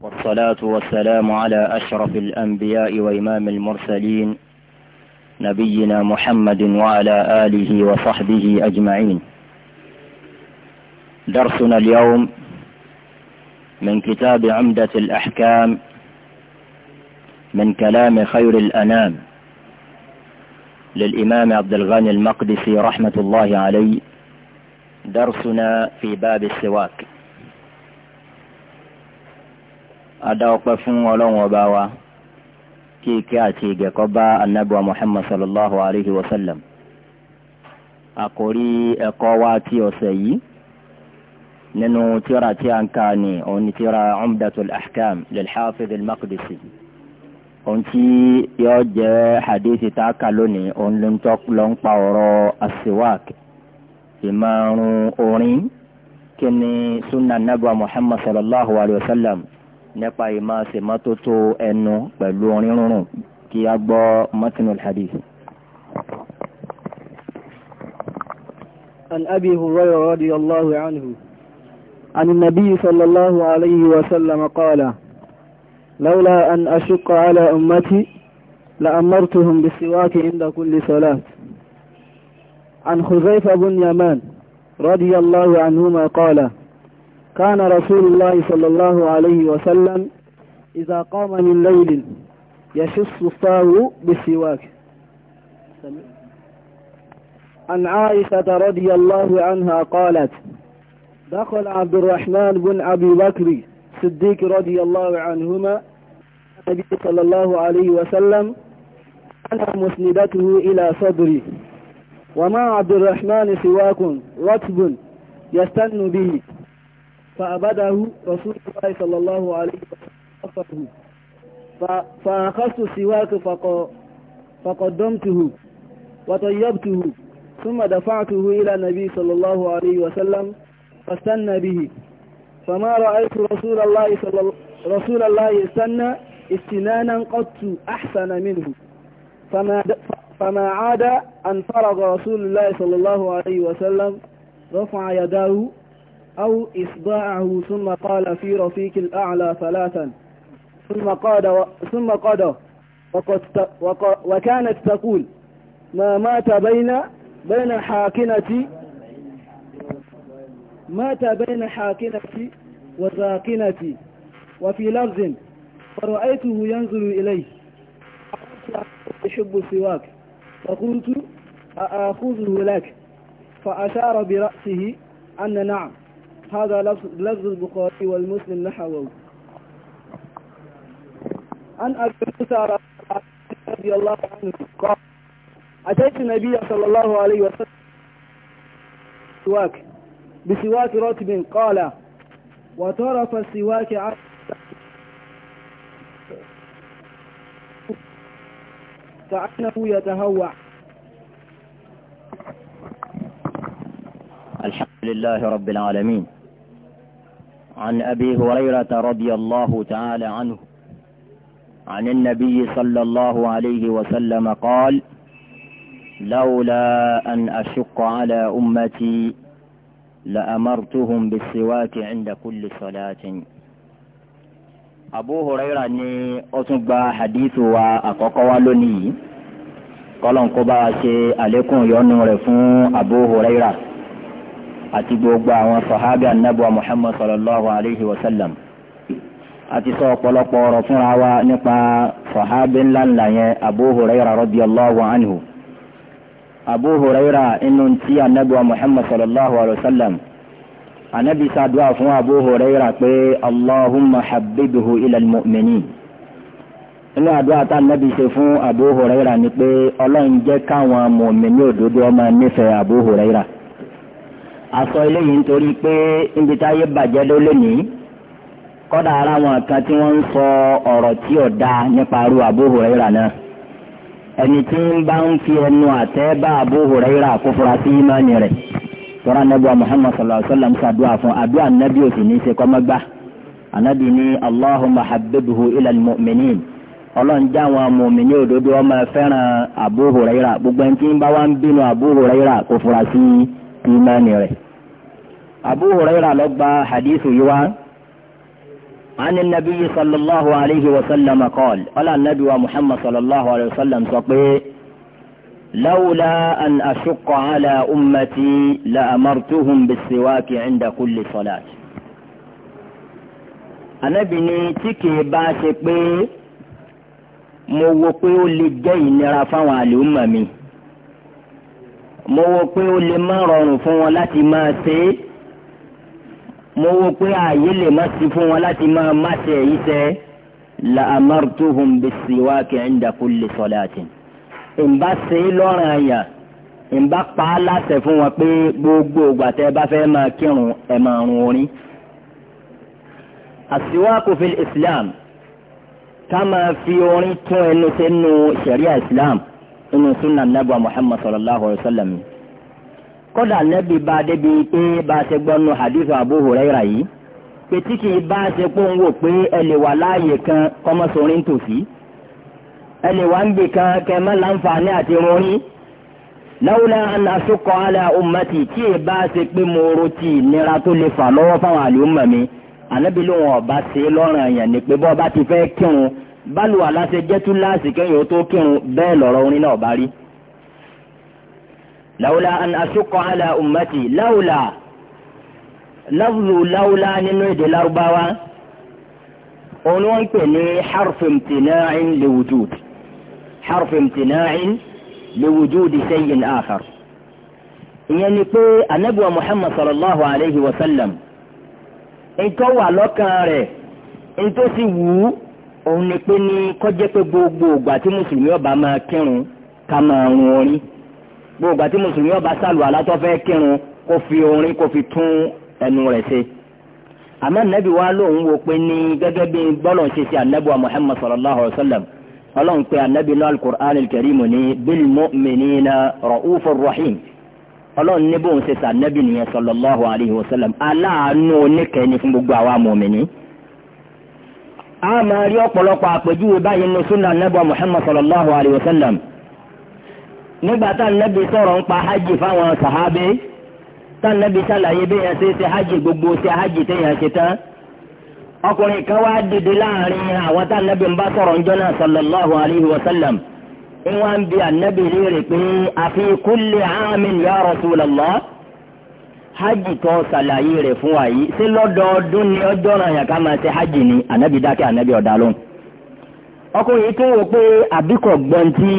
والصلاة والسلام على أشرف الأنبياء وإمام المرسلين نبينا محمد وعلى آله وصحبه أجمعين درسنا اليوم من كتاب عمدة الأحكام من كلام خير الأنام للإمام عبد الغني المقدسي رحمة الله عليه درسنا في باب السواك adá ọpẹ́ fún ọlọ́run ọba wa kí ike àti ìgẹ̀kọ́ bá anábọ̀ muhammad sallallahu alayhi wa sallam àkórí ẹ̀kọ́ wa ti ọ̀sẹ̀ yìí nínú tíra tí a ń kà ní òun ni tíra umdatul ahkam lilhafidh al-maqdisi òun tí yóò jẹ́ hadithi tá a lónìí òun ló ń tọ́ ló ń pa ọ̀rọ̀ asiwak ìmọ̀ràn orin kí ni sunna anábọ̀ muhammad sallallahu alayhi wa sallam. nípa ìmọ̀ ṣèmọ́tótó ẹnu pẹ̀lú orin rúnrún kí a gbọ́ mọ́tínú hadith. عن أبي هريرة رضي الله عنه عن النبي صلى الله عليه وسلم قال لولا أن أشق على أمتي لأمرتهم بالسواك عند كل صلاة عن خزيفة بن يمان رضي الله عنهما قال كان رسول الله صلى الله عليه وسلم إذا قام من ليل يشص فاه بالسواك عن عائشة رضي الله عنها قالت دخل عبد الرحمن بن أبي بكر صديق رضي الله عنهما النبي صلى الله عليه وسلم أنا مسندته إلى صدري وما عبد الرحمن سواك رطب يستن به فأبده رسول الله صلى الله عليه وسلم فأخذت سواك فقدمته وطيبته ثم دفعته إلى النبي صلى الله عليه وسلم فاستنى به فما رأيت رسول الله صلى رسول الله استنى استنانا قط أحسن منه فما, فما عاد أن فرغ رسول الله صلى الله عليه وسلم رفع يداه أو إصداعه ثم قال في رفيق الأعلى ثلاثا ثم قاد و... ثم قاد وقد ت... وق... وكانت تقول ما مات بين بين حاكنتي مات بين حاكنتي وساكنتي وفي لفظ فرأيته ينظر إليه أحب سواك فقلت أأخذه لك فأشار برأسه أن نعم هذا لفظ البخاري والمسلم نحوه عن أبي موسى رضي الله عنه قال أتيت النبي صلى الله عليه وسلم سواك بسواك رتب قال وطرف السواك عن كأنه يتهوع الحمد لله رب العالمين عن أبي هريرة رضي الله تعالى عنه عن النبي صلى الله عليه وسلم قال لولا أن أشق على أمتي لأمرتهم بالسواك عند كل صلاة أبو هريرة ني أتنبى حديث وأقوى لني قال انقبا عليكم يونو رفون أبو هريرة àti gbogbo àwọn sọ̀hábì anábọ̀ muhammad sallallahu alayhi wa sallam àti sọ ọ̀pọ̀lọpọ̀ ọ̀rọ̀ fúnra wa nípa sọ̀hábì ńláńlá yẹn abu huraira radiyallahu anhu abu huraira inú tí anábọ̀ muhammad sallallahu alayhi wa sallam anábì sàdúrà fún abu huraira pé allahumma habibhu ilal mu'minin inú àdúrà tá nàbì ṣe fún abu huraira ni pé ọlọ́run jẹ́ káwọn mọ̀mí òdodo ọmọ nífẹ̀ẹ́ abu àsọ eléyìí nítorí pé níbi táyé bàjẹ́ ló lé ní kọ́dà ara wọn kan tí wọ́n ń sọ ọ̀rọ̀ tí ò dáa nípa arú Abu Huraira náà ẹni tí ń bá ń fi ẹnu àtẹ́ bá Abu Huraira kó fura sí ìmánì rẹ̀ tọ́ra nẹ́bùa Muhammad sallallahu alayhi wa sallam ṣàdúrà fún àdúrà nẹ́bí òsì ní í ṣe kọ́mọ́gbà ànábì ní Allahumma habibhu ilal mu'minin ọlọ́run já àwọn mùmíní òdodo ọmọ fẹ́ràn Abu Huraira gbogbo ẹni tí ń bá wá ń bínú Abu Huraira kó fura sí ìmánì ìmánì rẹ̀. Abu Hurairah ló gba hadithu yìí wá. عن النبي صلى الله عليه وسلم قال قال النبي محمد صلى الله عليه وسلم سقيه لولا أن أشق على أمتي لأمرتهم بالسواك عند كل صلاة Ànábì ní tí kìí bá ṣe pé mo wo pé mo wo pé ó lè má rọrùn fún wọn láti máa ṣe é mo wo pé ààyè lè má sí fún wọn láti máa má ṣe èyí ṣe la amartuhum bis-siwak 'inda kulli salatin ìbá ṣe é lọ́rùn àyà ìbá pa á láṣẹ fún wọn pé gbogbo ìgbà bá fẹ́ máa kírun ẹ̀ máa rún orin. as-siwaku fil islam ká máa fi orin tún ẹnu sínú ṣẹ̀ríà islam nínú súnà nàbà muhammad sallallahu alayhi wa sallam kódà nàbì bá a débi pé bá a ṣe gbọ́ nù hadith abu huraira yìí pé tí kì í bá a ṣe pé òun wò pé ẹ lè wà láàyè kan kọ́mọ́sọ̀rin tòsí ẹ wà ń bì kan kẹ́mẹ́ láǹfààní àti rọrí lawla an ala ummati tí ì bá a ṣe pé mo ti ìnira tó lè fà lọ́wọ́ fáwọn àlè mi ànábi ló wọn ọba ṣe lọ́rùn yẹn ni pé bọ́ ọba ti fẹ́ kírun báluwà láṣẹ jẹ́ túláàsì kẹ́yìn ó tó kírun bẹ́ẹ̀ lọ́rọ̀ orin náà bá rí. láwùlà an asukọ ala ummati láwùlà lafzu láwùlà nínú èdè lárúbáwá òun wọ́n ń pè ní harfi imtina'in li wujud harfi imtina'in li wujudi shay'in ìyẹn ni pé anabiwa muhammad sallallahu alayhi wa sallam ntọ́ lọ́kàn rẹ̀ ntọ́ wù ú òun ni pé ní kọjẹ́ pé gbogbo ìgbà tí mùsùlùmí ọba máa kírun ká máa rún orin gbogbo ìgbà tí mùsùlùmí ọba sàlù alátọ́fẹ́ kírun kó fi orin kó fi tún ẹnu rẹ̀ ṣe àmọ́ nẹ́bí wa lóun wò pé ní gẹ́gẹ́ bí bọ́lọ̀ ṣe ṣe ànábì wa muhammad sallallahu alayhi wa sallam ọlọ́run pé ànábì náà alukur'an kẹrìmù ní bil mu'minina ra'ufur rahim ọlọ́run ní bóun ṣe ṣe ànábì nìyẹn sallallahu alayhi wa sallam aláàánú oníkẹ́ni fún gbogbo àwa mọ̀mìnì a máa rí ọ̀pọ̀lọpọ̀ àpèjúwe báyìí nínú súnà nẹ́bọ̀ Muhammad sallallahu alayhi wa sallam nígbà tá nẹ́bi sọ̀rọ̀ ń pa hajj fáwọn sàhábé tá nẹ́bi sàlàyé bí yẹn ṣe ṣe hajj gbogbo ṣe hajj téèyàn ṣe tán ọkùnrin kan wá dìde láàrin àwọn tá nẹ́bi ń bá sọ̀rọ̀ ń jọ́nà sallallahu alayhi wa sallam ìwọ̀n bí ànẹ́bi léèrè pé àfi kulli aamin ya rasulallah. hajj tó ṣàlàyé rẹ̀ fún wa yìí ṣé lọ́dọọdún ni ọjọ́ ràn yàn máa ṣe hajj ni ànábì dákẹ́ ànábì ọ̀dà lóhùn. ọkùnrin yìí tún wò pé àbíkọ̀ gbọ́n tí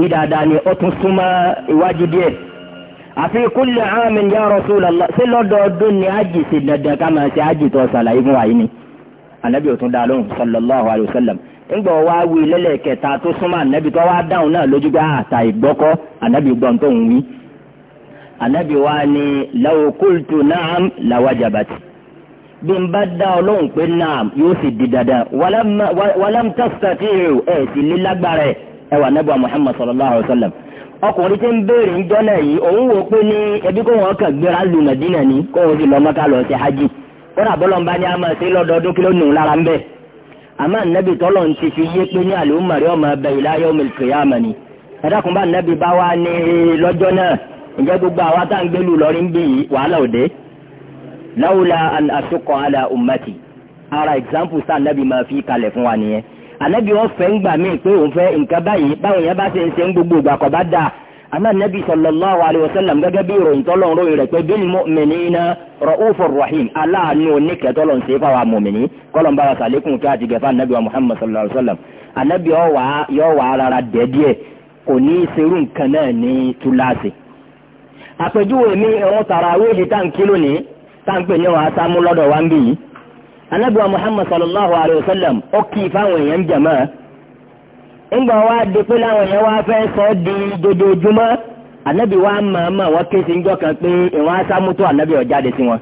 wí dáadáa ni ó tún súnmọ́ iwájú díẹ̀ àfi kúlẹ̀ ni dandan ká máa ṣe tó fún wa yìí ni ànábì ò tún dá lóhùn sallallahu anabi wa ni lawo kultu naam lawajabati bí n bá dá ọlọ́run pé naam yóò sì di dandan wàlám tásítàtì ìrù ẹ̀ sì ní lágbára ẹ̀ ẹ̀ wà nẹ́bùà muhammad sallallahu alayhi wa sallam ọkùnrin tí ń béèrè ń jọ́nà yìí òun wò pé ní ẹbí kó wọn kàn gbéra lu mẹ̀dínà ni kó wọn sì lọ mọ́ká lọ sí hajj kódà bọ́lọ́mbá ni a máa ṣe lọ́dọọdún kí ló nù lára ń bẹ̀ àmọ́ ànábì tọ́lọ̀ ń ti fi yé pé ní àlùmọ̀rí ọmọ ẹbẹ̀ ìlà yawmil ni ẹ̀dá kùnbà ànábì bá wá ní lọ́jọ́ náà ǹjẹ́ gbogbo àwa tá à ń gbélú lọ́rí ń bì yìí wàhálà òde láwùlà an asukọ̀ ala ara example sáà nàbì máa fi kalẹ̀ fún wa nìyẹn ànábì wọn fẹ́ ń gbà mí pé òun fẹ́ nǹkan báyìí báwọn yẹn bá ṣe ń ṣe ń gbogbo ìgbà kọ́ bá dà àmọ́ ànábì sallallahu alaihi wasallam gẹ́gẹ́ bí ìròyìn tọ́lọ́run ròyìn rẹ̀ pé bil mu'minina ra'ufur rahim aláàánú oníkẹ́tọ́lọ́n ṣe fáwọn mọ̀mìnì kọ́lọ́n bá wa sàlékún kí àti gẹ̀fà ní í serú àpèjúwe mi ìrun tàràwé yìí tá n kí lónìí tá n pè ní wàá sámú lọ́dọ̀ wa ń bì yìí anábìwá muhammad sallallahu alayhi wa sallam ó kì í fáwọn èèyàn jàmá ńgbà wa di pé láwọn èèyàn wa fẹ́ sọ di dojoojúmọ́ anábì màmá wọ́n ké sí njọ́ kan pé ìwọ̀n asámú tó anábì jáde sí wọn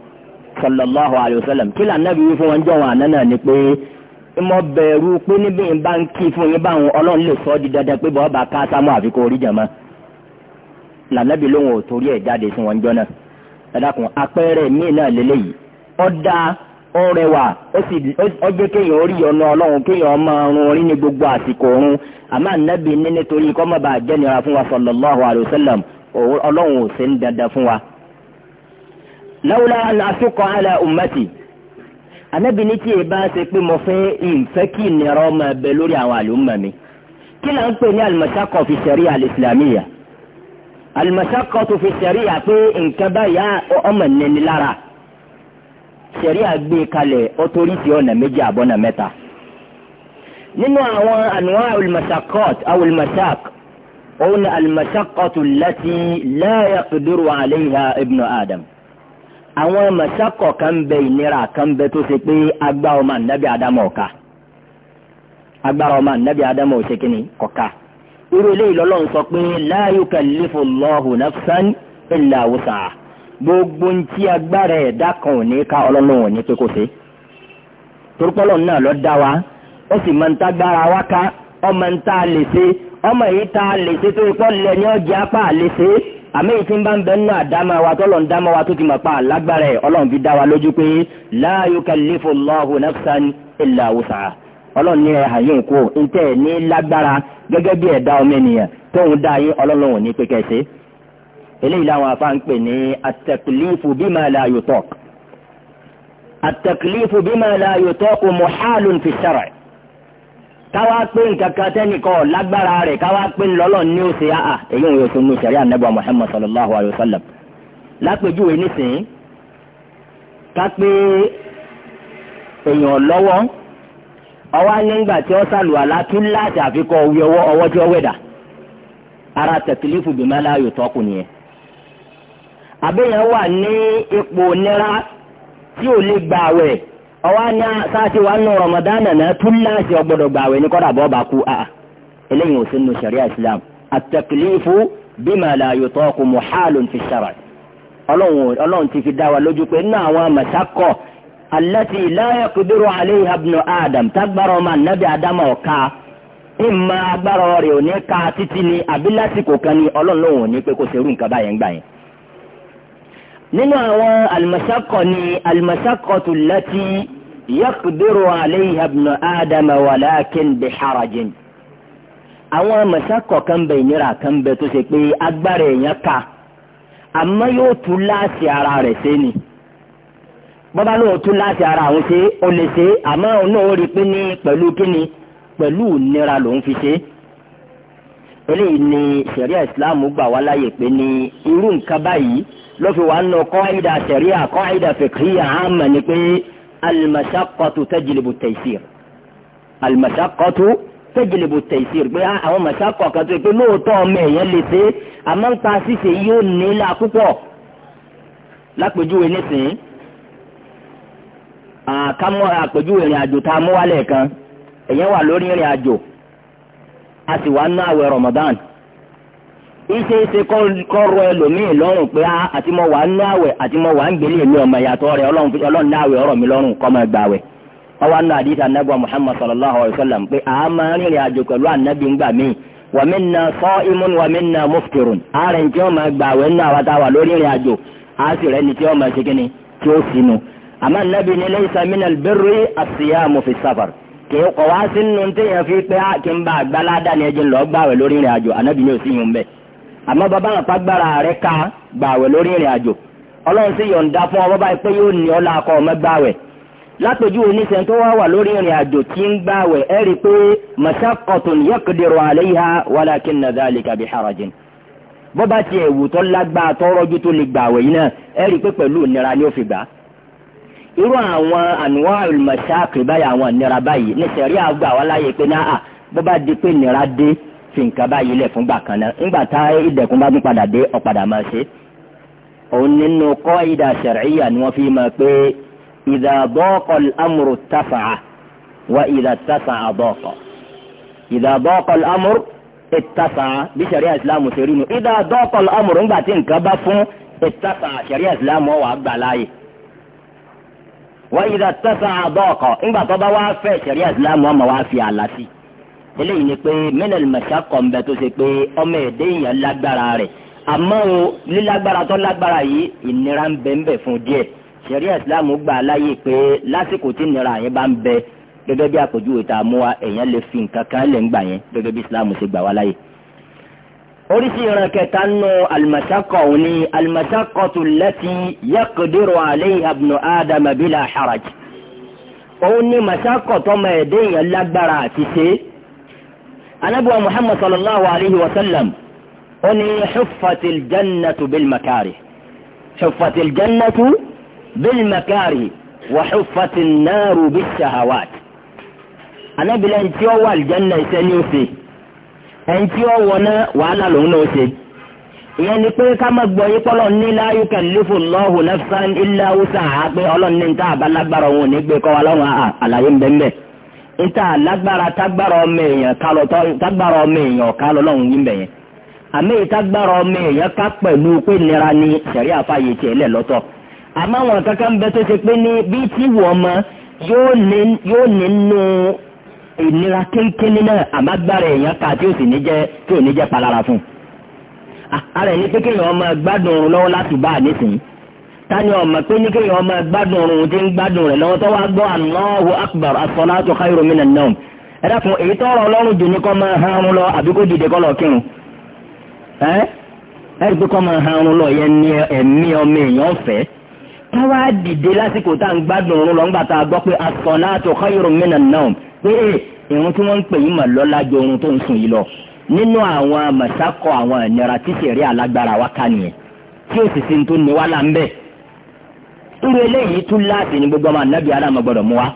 sallallahu alayhi wa sallam kí lànàbì wí fún wọn jọ wọn àná náà ni pé mo bẹ̀rù pé níbi ìbá ń di dandan pé ká lànàbí lóhùn òtórí ẹ̀ jáde sí wọn jọ náà ẹ̀dàkùn apẹ́rẹ́ míì náà lélẹ́yìí ọ̀dà ọ̀rẹ́wà ó jẹ́ kéèyàn orí ọ̀nà ọlọ́run kéèyàn ọmọ ọrùn orí ní gbogbo àsìkò ọ̀run àmọ́ ànábì ní nítorí kọ́ mọ́ bá jẹ́nira fún wa sallallahu alaihi wasallam ọlọ́run ò sí ń dandan fún wa. lawla an asuqa ala ummati ànábì ní tí èyí bá ṣe pé mo fẹ́ ìfẹ́ kí ìnira ọmọ ẹbẹ lórí àwọn àlùmọ̀ mi kí là ń pè ní al fi sharia al-islamiyya alimasakọtu fi sẹríya pé nǹkan báyà ọmọ nẹni lára sẹríya gbé kalẹ̀ ọtọrìtì ọ̀nà méjì àbọ̀nà mẹ́ta nínú àwọn ànúwà alimasakọt awolimasak òun alimasakọtu lati láyà kuduru aleyha ibnu adam àwọn masakọ kan bẹ ìnira kan bẹ tó ṣe pé agbára ọmọ anabi adamu ọka agbára ọmọ anabi adamu ọsẹ kínní irú eléyìí lọ́lọ́run sọ pé la yukallifu Allahu nafsan illa wus'aha gbogbo ń tí agbára ẹ̀dá kan ò ní ká ọlọ́run ò ní pé kò sí. torúpọ́lọ́ náà lọ dá wa ó sì máa ń tá gbára wa ká ọmọ ń tá a lè ṣe ọmọ yìí tá lè ṣe tó ikọ́ lẹ̀ ní ọjà apá lè ṣe àmì yìí bá ń bẹ nínú àdámà wa tọ́lọ̀ ń dámà wa tó ti mọ̀ pa àlágbára ẹ̀ ọlọ́run fi dá wa lójú pé la yukallifu Allahu nafsan illa wus'aha ọlọ́run ní ẹ àyè ìkó ntẹ́ ẹ̀ ní lágbára gẹ́gẹ́ bí ẹ̀dá ọmọ ènìyàn tóun dá yín ọlọ́run ò ní pé kẹsí. eléyìí làwọn afá ń pè ní atẹ̀kìlífù bímọ aláyò tọ́k atẹ̀kìlífù bímọ aláyò tọ́k muhalun fi shar'i káwá pé nǹkan kan sẹ́nìkan lágbára rẹ̀ káwá pé lọ́lọ́run ní òsè àà èyí ò yẹ kó nu sẹ̀rí ànábì èèyàn lọ́wọ́ ọwọ́ anyẹ́ngbà tí ó sàlùwàlá tún láti àfikọ́ òwe ọwọ́ ọwọ́ tí ó wẹ̀dà ara tẹ̀kílífù bímọ aláyò tọ́kù nìyẹn. àbẹ̀yẹn wà ní ipò nira tí ò lè gbà wẹ̀ ọwọ́ anyá sáàtì wà nù Ramadan náà tún láti ọgbọ́dọ̀ gbà wẹ̀ ní kọ́dà bọ́ bá kú a eléyìí ò sí nù sẹ̀ríà Islam àtẹ̀kílífù bímọ aláyò tọ́kù muhalun fi ṣàrà ọlọ́run ti fi dá wa lójú pé nínú àwọn àmàṣà التي لا يقدر عليها ابن آدم تكبر ما النبي آدم وكا ìmọ̀ agbára rẹ̀ ò ní ka títí ni àbí lásìkò kan ni ọlọ́run lòun ò ní pé kó ṣerú nǹkan báyẹn gbà yẹn. nínú àwọn almasakọ̀ ni almasakọ̀ tó láti yàkùdúró alayha ibn adam walakin bi harajin. àwọn masakọ̀ kan bẹ ìnira kan bẹ tó ṣe pé agbára èèyàn ka àmọ́ yóò tú láàṣì ara rẹ̀ sẹ́ni bọ́bá lóò tún láti ara àwọn ṣe ó lè ṣe àmọ́ òun náà ó rí pé ní pẹ̀lú kíni pẹ̀lú ìnira lòun fi ṣe. eléyìí ni sẹ̀ríà ìsìláàmù gbà wá láyè pé ní irú nǹkan báyìí ló fi wá ń lọ kọ́ àìdá sẹ̀ríà kọ́ àìdá fìkìyà àmà ni pé alimasakọ́tù tẹ́jìlìbù tẹ̀sír alimasakọ́tù tẹ́jìlìbù tẹ̀sír pé àwọn masakọ̀ kan tó yẹ pé lóòótọ́ ọmọ èèyàn lè ṣe àmọ́ nípa ṣíṣe yóò nílà púpọ̀ lápèjúwe nísìnyí àkámọ́ àpèjú ìrìn àjò tá a mú wálẹ̀ kan èyàn wà lórí ìrìn àjò a sì wá ná àwẹ̀ Ramadan iṣẹ́ iṣẹ́ kọ́ rọ ẹlòmíì lọ́rùn pé àti mo wà ń ná àwẹ̀ àti mo wà ń gbélé èmi ọmọ ìyàtọ̀ rẹ̀ ọlọ́run ná àwẹ̀ ọ̀rọ̀ mi lọ́rùn kọ́ máa gbà àwẹ̀ wọ́n wá ná àdìsá anábọ̀ Muhammad sallallahu alayhi wa sallam pé a máa rìnrìn àjò pẹ̀lú anábì ń gbà míì wa minna sa'imun wa minna muftirun ààrẹ ní tí wọ́n máa gbà àwẹ̀ ńlá wa tá a wà lórí ìrìn àjò àá sì rẹ́ ní tí wọ́n máa ṣe kíni tí ó sinú àmọ́ nàbí ni lẹ́yìn sàmínà bẹ́rù àṣìyá mọ̀fì sáfàr kì í kọ̀ wá sínú tí yẹn fi pé ah, kí n bá àgbàládà ni ẹjẹ lọ gbàwẹ̀ lórí ìrìn àjò ànábì ni ò sí yun bẹ́ẹ̀ àmọ́ bàbá àpá gbára rẹ̀ ká gbàwẹ̀ lórí ìrìn àjò ọlọ́run sì yọ̀ǹda fún ọ bàbá pé yóò ní ọlá akọ ọmọ gbàwẹ̀ látọjú oníṣẹ́ tó wá wà lórí ìrìn àjò tí ń gbàwẹ̀ ẹ rí i pé masakotun yaqdiru alayha walakinna dhalika bi harajin bọ́bá tiẹ̀ wù tó lágbàá tọ́rọ́jú tó lè gbàwẹ̀ yìí náà ẹ rí i pé pẹ̀lú ìnira ni ó fi gbàá irú àwọn àníwá ìmọ̀ṣáàkì báyìí àwọn ìnira báyìí nítorí àgbà wá láyé pé náà ah, bó bá di pé ìnira dé fi nǹkan báyìí lẹ̀ fúngbà kan náà nígbà tá ìdẹ̀kùn bá tún padà dé ọ̀padà máa ṣe. òun nínú kọ́ ìdá ṣẹ̀ríyà ni wọ́n fi mọ̀ pé ìdá bọ́ọ̀kọ̀ amúrú tàfà wá ìdá tàfà àbọ̀ọ̀kọ̀ ìdá bọ́ọ̀kọ̀ amúrú ìtàfà bí ṣẹ̀ríyà ìsìlámù ṣe rí nu ìdá bọ́ọ̀kọ̀ amúrú ńgbà tí nǹkan bá fún ìtàfà ṣẹ̀ríyà ìsìlámù wà gbà láàyè wọ́n yìí tẹ́sà àdọ́ọ̀kọ̀ ńgbà tó bá wá fẹ́ ṣẹ̀ríà ìsìlámù ọmọ wa fi àlá sí eléyìí ni pé mẹ́nẹ̀lì mẹ̀ṣá kọ̀ ń bẹ tó ṣe pé ọmọ èdè èèyàn lágbára rẹ̀ àmọ́ o lílágbára tó lágbára yìí ìnira ń bẹ ń bẹ fún díẹ̀ ṣẹ̀ríà ìsìlámù gbà láyè pé lásìkò tí ìnira yẹn bá ń bẹ gẹ́gẹ́ bí àpèjúwe tá a mú wa èèyàn lè fi nǹkan kan lè ń gbà yẹn gẹ́gẹ́ bí ìsìlámù ṣe gbà wá láyè oríṣi ìran kẹta nù alimasakọ òní alimasakọ tó lẹ́tí yẹ́kọ̀dẹ́rọ̀ alẹ́ abùnú ádámà bílà haraj òun ní masakọ tọmọ ẹ̀dẹ́ yẹn lágbára àti ṣe anabiwa muhammad sallallahu alayhi wa sallam òní xufatil jannatu bil makari xufatil jannatu bil makari wa xufatil naaru bis anabila ntí wà aljanna ìṣẹ́ ní òfin. ẹni tí ó wọ ná wàhálà lòun náà ṣe ìyẹn ni pé ká má gbọ́ yípo lọ ní la yukallifu Allahu nafsan illa wus'aha pé ọlọ́run ní nta àbálágbára òun ní gbé kọ́ wa lọ́rùn àlàyé ń bẹ́ẹ̀ bẹ́ẹ̀ tágbára ọmọ èèyàn kálọ tágbára ọmọ èèyàn kálọ yín bẹ̀yẹn àmì ọmọ èèyàn ká pẹ̀lú pé nira ni sẹ̀rí ìnira kéékèèlé náà àmágbára èèyàn ká tí ò sì ní jẹ́ tí ò ní jẹ́ palára fún un. ara ẹni pé kéèyàn ọmọ gbádùn oorun lọ́wọ́ láti bá a nísìnyí tani ọmọ pé ní kéèyàn ọmọ gbádùn oorun tí ń gbádùn rẹ̀ lọ́wọ́ tó wá gbọ́ Allahu akbar as-salatu khayrun minan nawm ẹ dákun èyí tó rọ ọlọ́run jù ní kọ́ máa harun lọ àbí kó dìde kọ́ lọ kírun ẹ ẹ rí pé kọ́ máa harun lọ yẹn ní ẹ̀mí ọmọ èèyàn fẹ́ẹ́ káwá dìde lásìkò tá à ń gbádùn oorun lọ ńgbà tá a gbọ́ pé as-salatu khayrun minan nawm pé eh, ìrun tí wọ́n ń pè yín mà lọ́lá ju oorun tó ń sùn yìí lọ nínú àwọn màsákọ àwọn ìnira tí sẹ̀rí alágbára wa ká nìyẹn tí ó sì sí ní tó ní wá là ń bẹ̀. irú eléyìí tún láti ní gbogbo ọmọ anábì aláàmọ gbọdọ̀ mú wa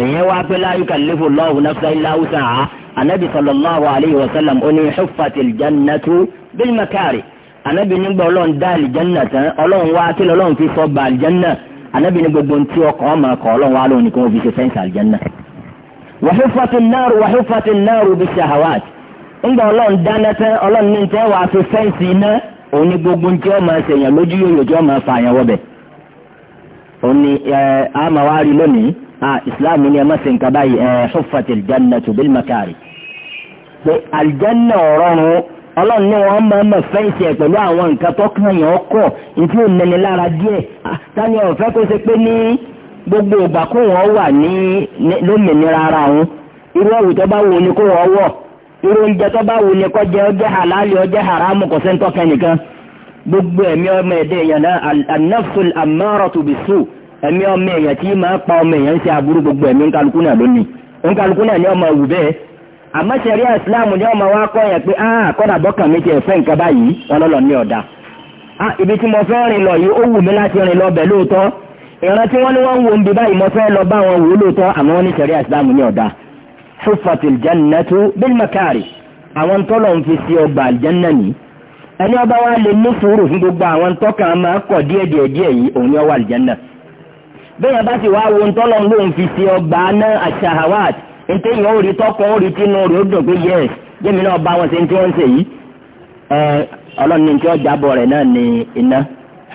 èyàn wá pé la yukallifu Allahu nafsan illa wus'aha anábì sallallahu alayhi wa sallam ó ní huffatil jannatu bil makari anábì nígbà ọlọ́run dá àlìjánná tán ọlọ́run wá kí lọ́lọ́run fi sọ bá àlìjánná anábì ní gbogbo ohun ọkọ̀ ọmọ ọkọ̀ ọlọ́run wá lóhun nìkan ó fi ṣe fẹ́ǹsì àlìjánná wàhífàtì náàrù wàhífàtì náàrù bí shahawat ńgbà ọlọ́run dáná tẹ́ ọlọ́run ní tẹ́ wàá fi fẹ́ǹsì iná òun ni gbogbo ń jẹ́ ọmọ ẹsẹ̀yàn lójú yòyò jẹ́ ọmọ ẹfà yẹn wọ́bẹ̀. òun ni ẹ àmà wa rí lónìí à islam ni ẹ má ṣe nǹkan báyìí ẹ huffatil jannatu bil makari. pé àlìjánná ọ̀rọ̀run ọlọ́run ní wọ́n máa mọ̀ fẹ́ǹsì ẹ̀ pẹ̀lú àwọn nǹkan tó kàn yàn ọkọ̀ ní gbogbo ìgbà kó wọn wà ní lómìnira ara wọn irú ẹ̀wù tó bá wo ni kó wọn wọ̀ irú oúnjẹ tó bá wo ni kó jẹ ọjẹ halali ọjẹ haramu kò nìkan gbogbo ẹ̀mí ọmọ ẹ̀dẹ́ èèyàn náà an ẹ̀mí ọmọ èèyàn tí máa pa gbogbo ẹ̀mí nkálukú náà lónìí ni ọmọ bẹ́ẹ̀ àmọ́ ìsìláàmù ni ọmọ wa kọ́ yẹn pé ti ẹ̀fẹ́ nǹkan báyìí ní ọ̀dà ibi tí mo fẹ́ rìn lọ yìí ó wù mí láti rìn ìran tí wọ́n ní wọ́n ń wo ń bí báyìí mo fẹ́ lọ bá wọn wò ó lóòótọ́ àmọ́ wọ́n ní sẹ̀rí àsìlámù ní ọ̀dà hufatil jannatu bil makari àwọn tọ́lọ̀ ń fi sí ọgbà àlìjánná ni ẹni ọba wa lè ní sùúrù fún gbogbo àwọn tọ́ka máa kọ̀ díẹ̀ díẹ̀ díẹ̀ yìí òun ni ọwà àlìjánná bẹ́ẹ̀ bá sì wá wo tọ́lọ̀ ń lò ń fi sí ọgbà náà àṣàhàwàt ntẹ́ yìí ó rí tọ́kọ̀ ó rí tínú rẹ̀ ó dùn pé yẹ́s jẹ́mi náà wọn ṣe ń tí wọ́n ń ṣe yìí ọlọ́run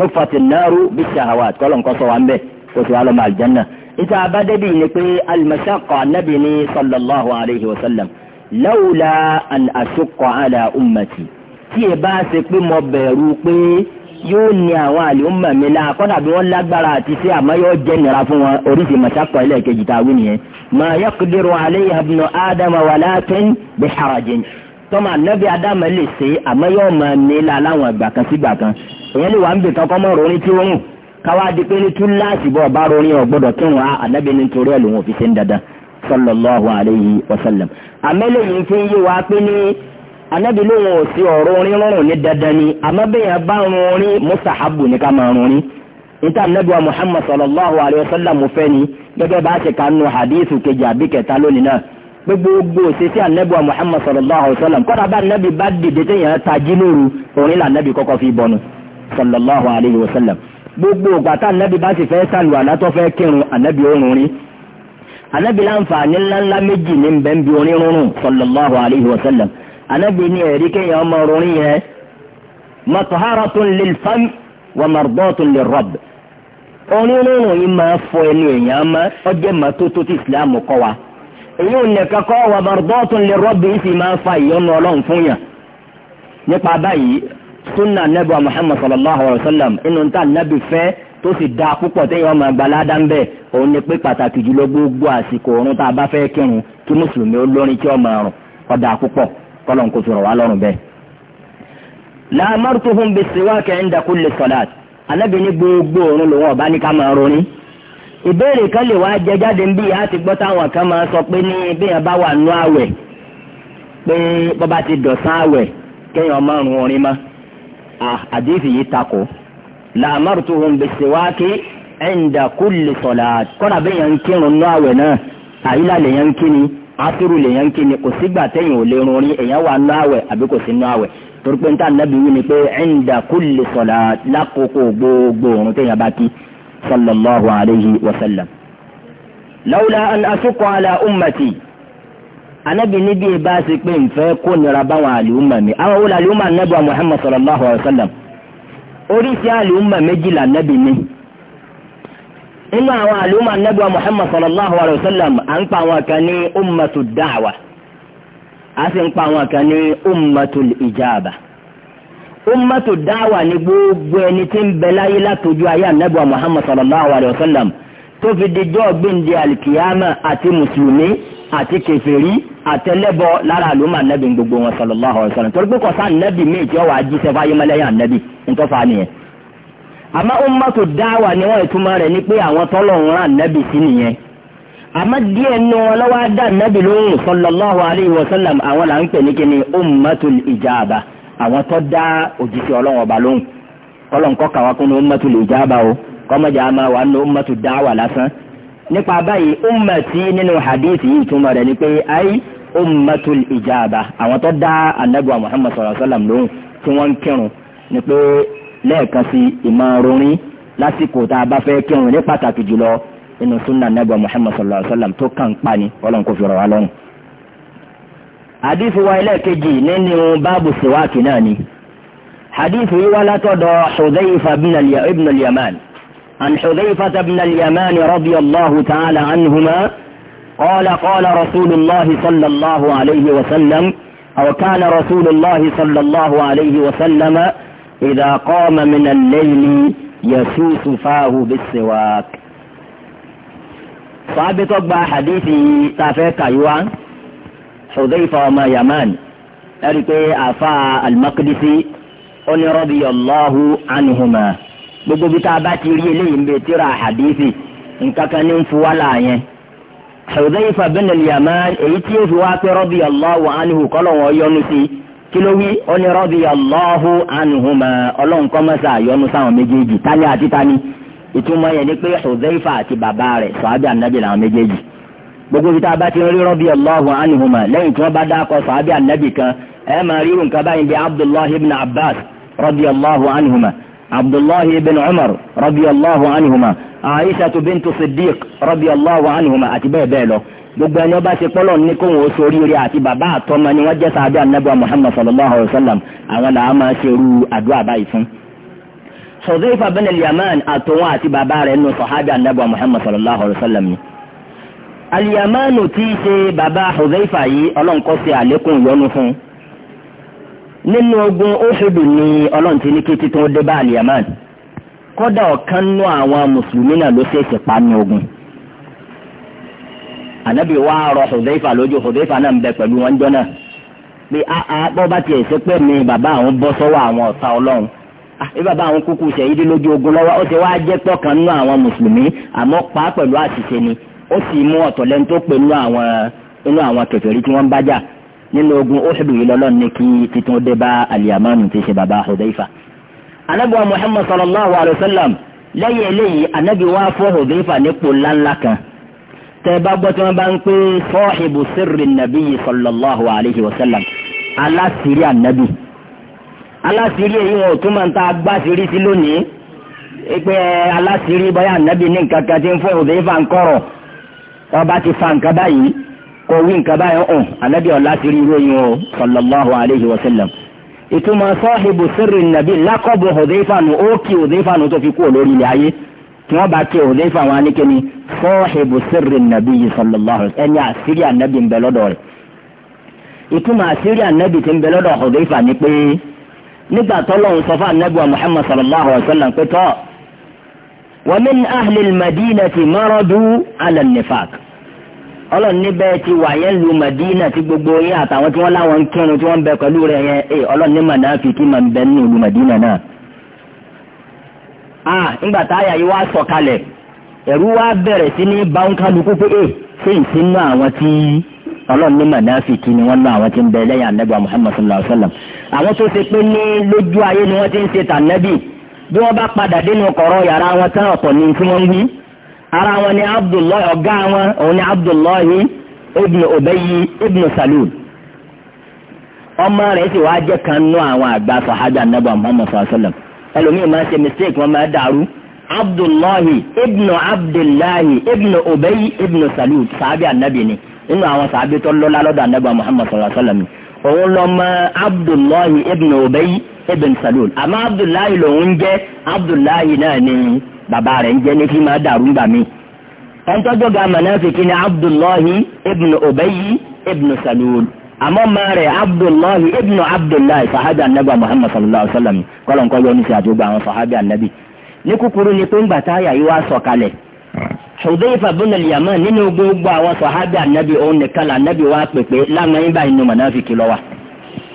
hufati naaru bisahawat kọ́lọ̀ nǹkan sọ wa ń bẹ̀ kó sì wá lọ́mọ àlìjánná. ìta abádébí ni pé alimasakọ anabi ni sallallahu alayhi wa sallam lawla an asukọ ala ummati tí ẹ bá ṣe pé mo bẹ̀rù pé yóò ní àwọn àlùmọ̀ mi la kọ́dà bí wọ́n lágbára àti sí àmọ́ yóò jẹ́ nira fún wọn oríṣi masakọ̀ ẹlẹ́ẹ̀kejì tá a wí nìyẹn. ma yaqdiru alayhi ibnu adama walakin bi harajin tọ́mọ anabi adama lè ṣe àmọ́ yóò máa ní la láwọn ìgbà kan sígbà kan èyàn lè wà ń bè tán kọ́mọ́ rorin tí oorun káwá di pé ní túláàsì bọ̀ bá rorin ọ̀gbọ́dọ̀ tí wọn ànábì ní torí ẹ̀ lòun ò fi ṣe ń dandan sallallahu alayhi wa sallam àmẹ́lẹ̀ yìí fi ń yé wa pé ní ànábì lòun ò sí ọ̀rọ̀ orin rọrùn ní dandan ni àmọ́ bẹ́yẹn bá run orin mustahabu ní ká máa rorin níta ànábì wa muhammad sallallahu alayhi wa sallam fẹ́ ni gẹ́gẹ́ bá ṣe kanu hadith kejì àbí kẹta lónìí náà gbogbo òṣèṣẹ́ ànẹ́bùwà muhammad sallallahu alayhi wa sallam kọ́dà bá ànẹ́bì bá dìde téèyàn tají lóru orin là ànẹ́bì kọ́kọ́ fi bọnu sallallahu alayhi wa sallam gbogbo ìgbà tá ànábì bá sì fẹ́ sàlù àlátọ́ fẹ́ kírun ànábì òórùn rí ànábì láǹfààní ńláńlá méjì ní bẹ́ńbí orin rúnrún sallallahu alayhi wa sallam ànábì ní ẹ̀rí kéèyàn ọmọ orin yẹn matharatun lil fam wa mardatun lir rabb orin rúnrún yìí máa fọ ẹnu èèyàn má ọjẹ́ mọ́tótó tí islam kọ́ wa èyí ò nìkan kọ́ wa mardatun lir rabb yìí sì máa fa ìyọnu ọlọ́run fún yàn nípa báyìí sunna nabi wa inú ta nabi fẹ́ tó sì dáa púpọ̀ ń bẹ̀ gbogbo a bá fẹ́ kírun kí mùsùlùmí olórin tí ó máa ọ̀dà púpọ̀ kọ́lọ́n kò sọ̀rọ̀ wá lọ́rùn bẹ́ẹ̀. làmọ́rùtúhùn bí gbogbo òun lòun ọ̀bá ní ká máa ronú. ìbéèrè kan lè wá jẹ jáde ń bí ìyá àti gbọ́ táwọn àdéhìí yìí takò làmàrútù hùn bìsíwákì ẹ̀ǹdà kúlì sọ̀là kọ́nà bẹ́ẹ̀ yẹn ń kírun ní àwẹ̀ náà àyílà lè yẹn ń kíni asúrù lè yẹn ń kíni kò sígbà tẹ̀yìn ò lè rún orin èèyàn wà ní àwẹ̀ àbí kò sí ní àwẹ̀ torí pé níta nàbí wí ni pé ẹ̀ǹdà kúlì sọ̀là lákòókò gbogbo òrùn tẹ̀yìn bá kí sallallahu alayhi wa sallam. lawla an asukọ ala ummati anabi níbi ìbá ṣe pé nfẹ́ kó nira báwọn àlùmọ̀ mi àwọn wọlé àlùmọ̀ anabi wa muhammad sallallahu alayhi wa sallam oríṣi àlùmọ̀ méjìlá anabi ni nínú àwọn àlùmọ̀ anabi wa muhammad sallallahu alayhi wa sallam à ń pa àwọn kan ní ummatu da'wa a sì ń pa àwọn kan ní ummatu ijaba ummatu da'wa ni gbogbo ẹni tí ń bẹ láyé látọjú ayé anabi wa muhammad sallallahu alayhi wa sallam tó fi di jọ́ gbìndé alikiyama àti mùsùlùmí àti kèfèrí àtẹlẹ́bọ lára àlùmọ́ ànábì gbogbo wọn sallallahu alaihi wasallam torí pé kò sá ànábì míì tí ó wàá jíṣẹ́ fáyé mọ́lẹ́yìn ànábì ntọ́fà nìyẹn. àmọ́ ummatu da'wa ni wọ́n ìtumọ̀ rẹ̀ ní pé àwọn tọ́lọ́run rán ànábì sí nìyẹn. àmọ́ díẹ̀ nù wọn lọ́wọ́ dá ànábì lóhùn sallallahu alaihi wasallam àwọn là ń pè ní kíni ummatul ijaba àwọn tó dá òjíṣẹ́ ọlọ́run ọba lóhùn kọ́lọ̀ ń kọ́ kàwá kún nípa báyìí ummati nínú hadith yìí túmọ̀ rẹ̀ ni pé ayé ummatul ijaba àwọn tó dá anabi muhammad sallallahu alaihi wa sallam lóhùn tí wọ́n ń kírun ni pé lẹ́ẹ̀kan sí ìmọ̀ rorin lásìkò tá a bá fẹ́ kírun ní pàtàkì jùlọ nínú sunna anabi muhammad sallallahu alaihi wa sallam tó kàn pa ni ọlọ́run kò fi rọ̀ lọ́rùn. hadith wa ẹlẹ́ẹ̀kejì nínú báàbù siwáàkì náà ni hadith yìí wá látọ̀dọ̀ Hudhayfa ibn al عن حذيفة بن اليمان رضي الله تعالى عنهما قال قال رسول الله صلى الله عليه وسلم أو كان رسول الله صلى الله عليه وسلم إذا قام من الليل يسوس فاه بالسواك صحابي تقبع حديثي تافيك أيوة حذيفة وما يمان أريكي أفا المقدسي قل رضي الله عنهما gbogbo bí tá a bá ti rí eléyìí ń bẹ tíra àdìsí nǹkan kan ní ń fu wá láàyẹn. Hudhayfa bin al-Yaman èyí tí ó fi wá pé radiyallahu anhu kọ́lọ̀ wọn yọ́nú sí kí ló wí ó ní radiyallahu anhuma ọlọ́nkọ́mọ́sá yọ́nú sáwọn méjèèjì tani àti tani ìtumọ̀ yẹn ni pé Hudhayfa àti bàbá rẹ̀ sàábì ànábì làwọn méjèèjì gbogbo ibi tá a bá ti rí radiyallahu anhuma lẹ́yìn tí wọ́n bá dákọ̀ sàábì ànábì kan ẹ̀ máa rí nǹkan báyìí bí Abdullahi ibn Abbas radiyallahu anhuma عبد الله بن عمر رضي الله عنهما عائشة بنت صديق رضي الله عنهما أتباه باله gbogbo ẹni ọba ti pọlọ ní kó wọn oṣù oríire àti bàbá àtọmọ ni wọn jẹ sáadé anabi muhammad sallallahu alaihi wa sallam àwọn làwọn máa ṣe irú àdúrà báyìí fún. Hudhayfa bin al-Yaman àtòwọn àti bàbá rẹ̀ nù sọ̀hádà anabi muhammad sallallahu alaihi wa sallam ni. al tí í ṣe bàbá Hudhayfa yìí ọlọ́nkọ́ ṣe àlékún ìyọnu fún un. nínú ogun Uhudu ni ọlọ́run ti ní kí títún dé bá al-Yaman ọ̀kan nú àwọn mùsùlùmí náà ló pa ní ogun ànábì wa rọ Hudhayfa lójú Hudhayfa náà ń bẹ pẹ̀lú wọn jọ náà pé aa ah, ah, bá tiẹ̀ ṣe pé mi bàbá àwọn bọ́ sọ́wọ́ àwọn ọlọ́run ah, ẹ bàbá àwọn kúkú lójú ogun lọ́wọ́ ó ti wá jẹ́ tọ́kan àwọn mùsùlùmí àmọ́ pa pẹ̀lú àṣìṣe ni ó sì mú ọ̀tọ̀lẹ́ni tó pè nú àwọn tí wọ́n ń nínú ogun Uhud yìí lọ́lọ́ ní kí titun dé bá aliyamanu ti ṣe bàbá Hudayfa. anabiwa Muhammad sallallahu alayhi wa sallam lẹ́yìn eléyìí anabi wa fọ́ Hudayfa nípò ńláńlá kan tẹ́ bá gbọ́ tí wọ́n bá ń pè sahibu sirri nàbí sallallahu alayhi wa sallam alásìírí ànábì alásìírí èyí wọn ò tún máa ń ta agbásìírí sí lónìí pé alásìírí bóyá ànábì ní nǹkan kan ti ń fọ́ Hudayfa ń kọ̀rọ̀ ọba ti fa nǹkan báyìí kò wí nǹkan báyọ̀ hàn ànábì ọ̀la ti rí ìròyìn o sallallahu alayhi wa sallam ìtumọ̀ sọ́ọ̀hìbù sírì nàbí lákọ̀bù hùdẹ́fàánù ó kí hùdẹ́fàánù tó fi kú olórí ilẹ̀ ayé tí wọ́n bá kí hùdẹ́fàánù aníkẹ́ni sọ́ọ̀hìbù sírì nàbí yìí sallallahu alayhi ẹni àṣírí ànábì ń bẹ lọ́dọ̀ rẹ̀ ìtumọ̀ àṣírí ànábì ti ń bẹ lọ́dọ̀ hùdẹ́fà ni pé nígbà tọ́lọ́hún sọ fún ànábì wa muhammad ọlọ́run níbẹ̀ ti wà yẹn lu Madina tí gbogbo yín àtàwọn tí wọ́n láwọn ń kírun tí wọ́n ń bẹ pẹ̀lú rẹ̀ yẹn ẹ ọlọ́run ní mùnáfíkí máa ń bẹ nínú ìlú Madina náà. a ńgbà tá àyà yìí wá sọ̀ kalẹ̀ ẹ̀rú wá bẹ̀rẹ̀ sí ní báńkálukú pé ẹ ṣé ń sinú àwọn tí ọlọ́run ní mùnáfíkí ni wọ́n ná àwọn tí ń bẹ lẹ́yìn anábì Muhammad sallallahu alayhi wa sallam àwọn tó ṣe pé ní lójú ayé ni wọ́n ti ń ṣe tànẹ́bì bí ara wọn ni abdullahi ọ̀gá wọn òun ni abdullahi ibnu obeyi ibnu salul ọmọ rẹ̀ sì wá jẹ́ kan nú àwọn àgbà sahada nabà muhammad sallallahu alaihi wa sallam ẹlòmíì máa ṣe mistake wọn máa dàrú abdullahi ibnu abdullahi ibnu obeyi ibnu salul sàábì ànábì ni nínú àwọn sàábì tó lọ́lá lọ́dọ̀ ànábì muhammad sallam òun lọmọ abdullahi ibn ubay ibn salul àmọ́ abdullahi lòun jẹ́ abdullahi náà ni bàbá rẹ̀ ń jẹ́ ní kí máa dàrú gbà mí. ẹnitọ́jọ́ ga mọ̀nàfíkì ni abdullahi ibnu obeyi ibnu salul àmọ́ ọmọ rẹ̀ abdullahi ibnu abdullahi sahabi anabi muhammad sallallahu alayhi wa sallam kọ́lọ̀ nǹkan yọ oníṣẹ́ àti gbogbo àwọn sahabi anabi. ní kúkúrú ni pé ń gbàtà àyà yìí wá sọ̀kalẹ̀ Hudayfa bin al-Yaman nínú gbogbo àwọn sahabi anabi òun nìkan là anabi wá pèpè láwọn yín báyìí nínú mọ̀nàfíkì lọ́wọ́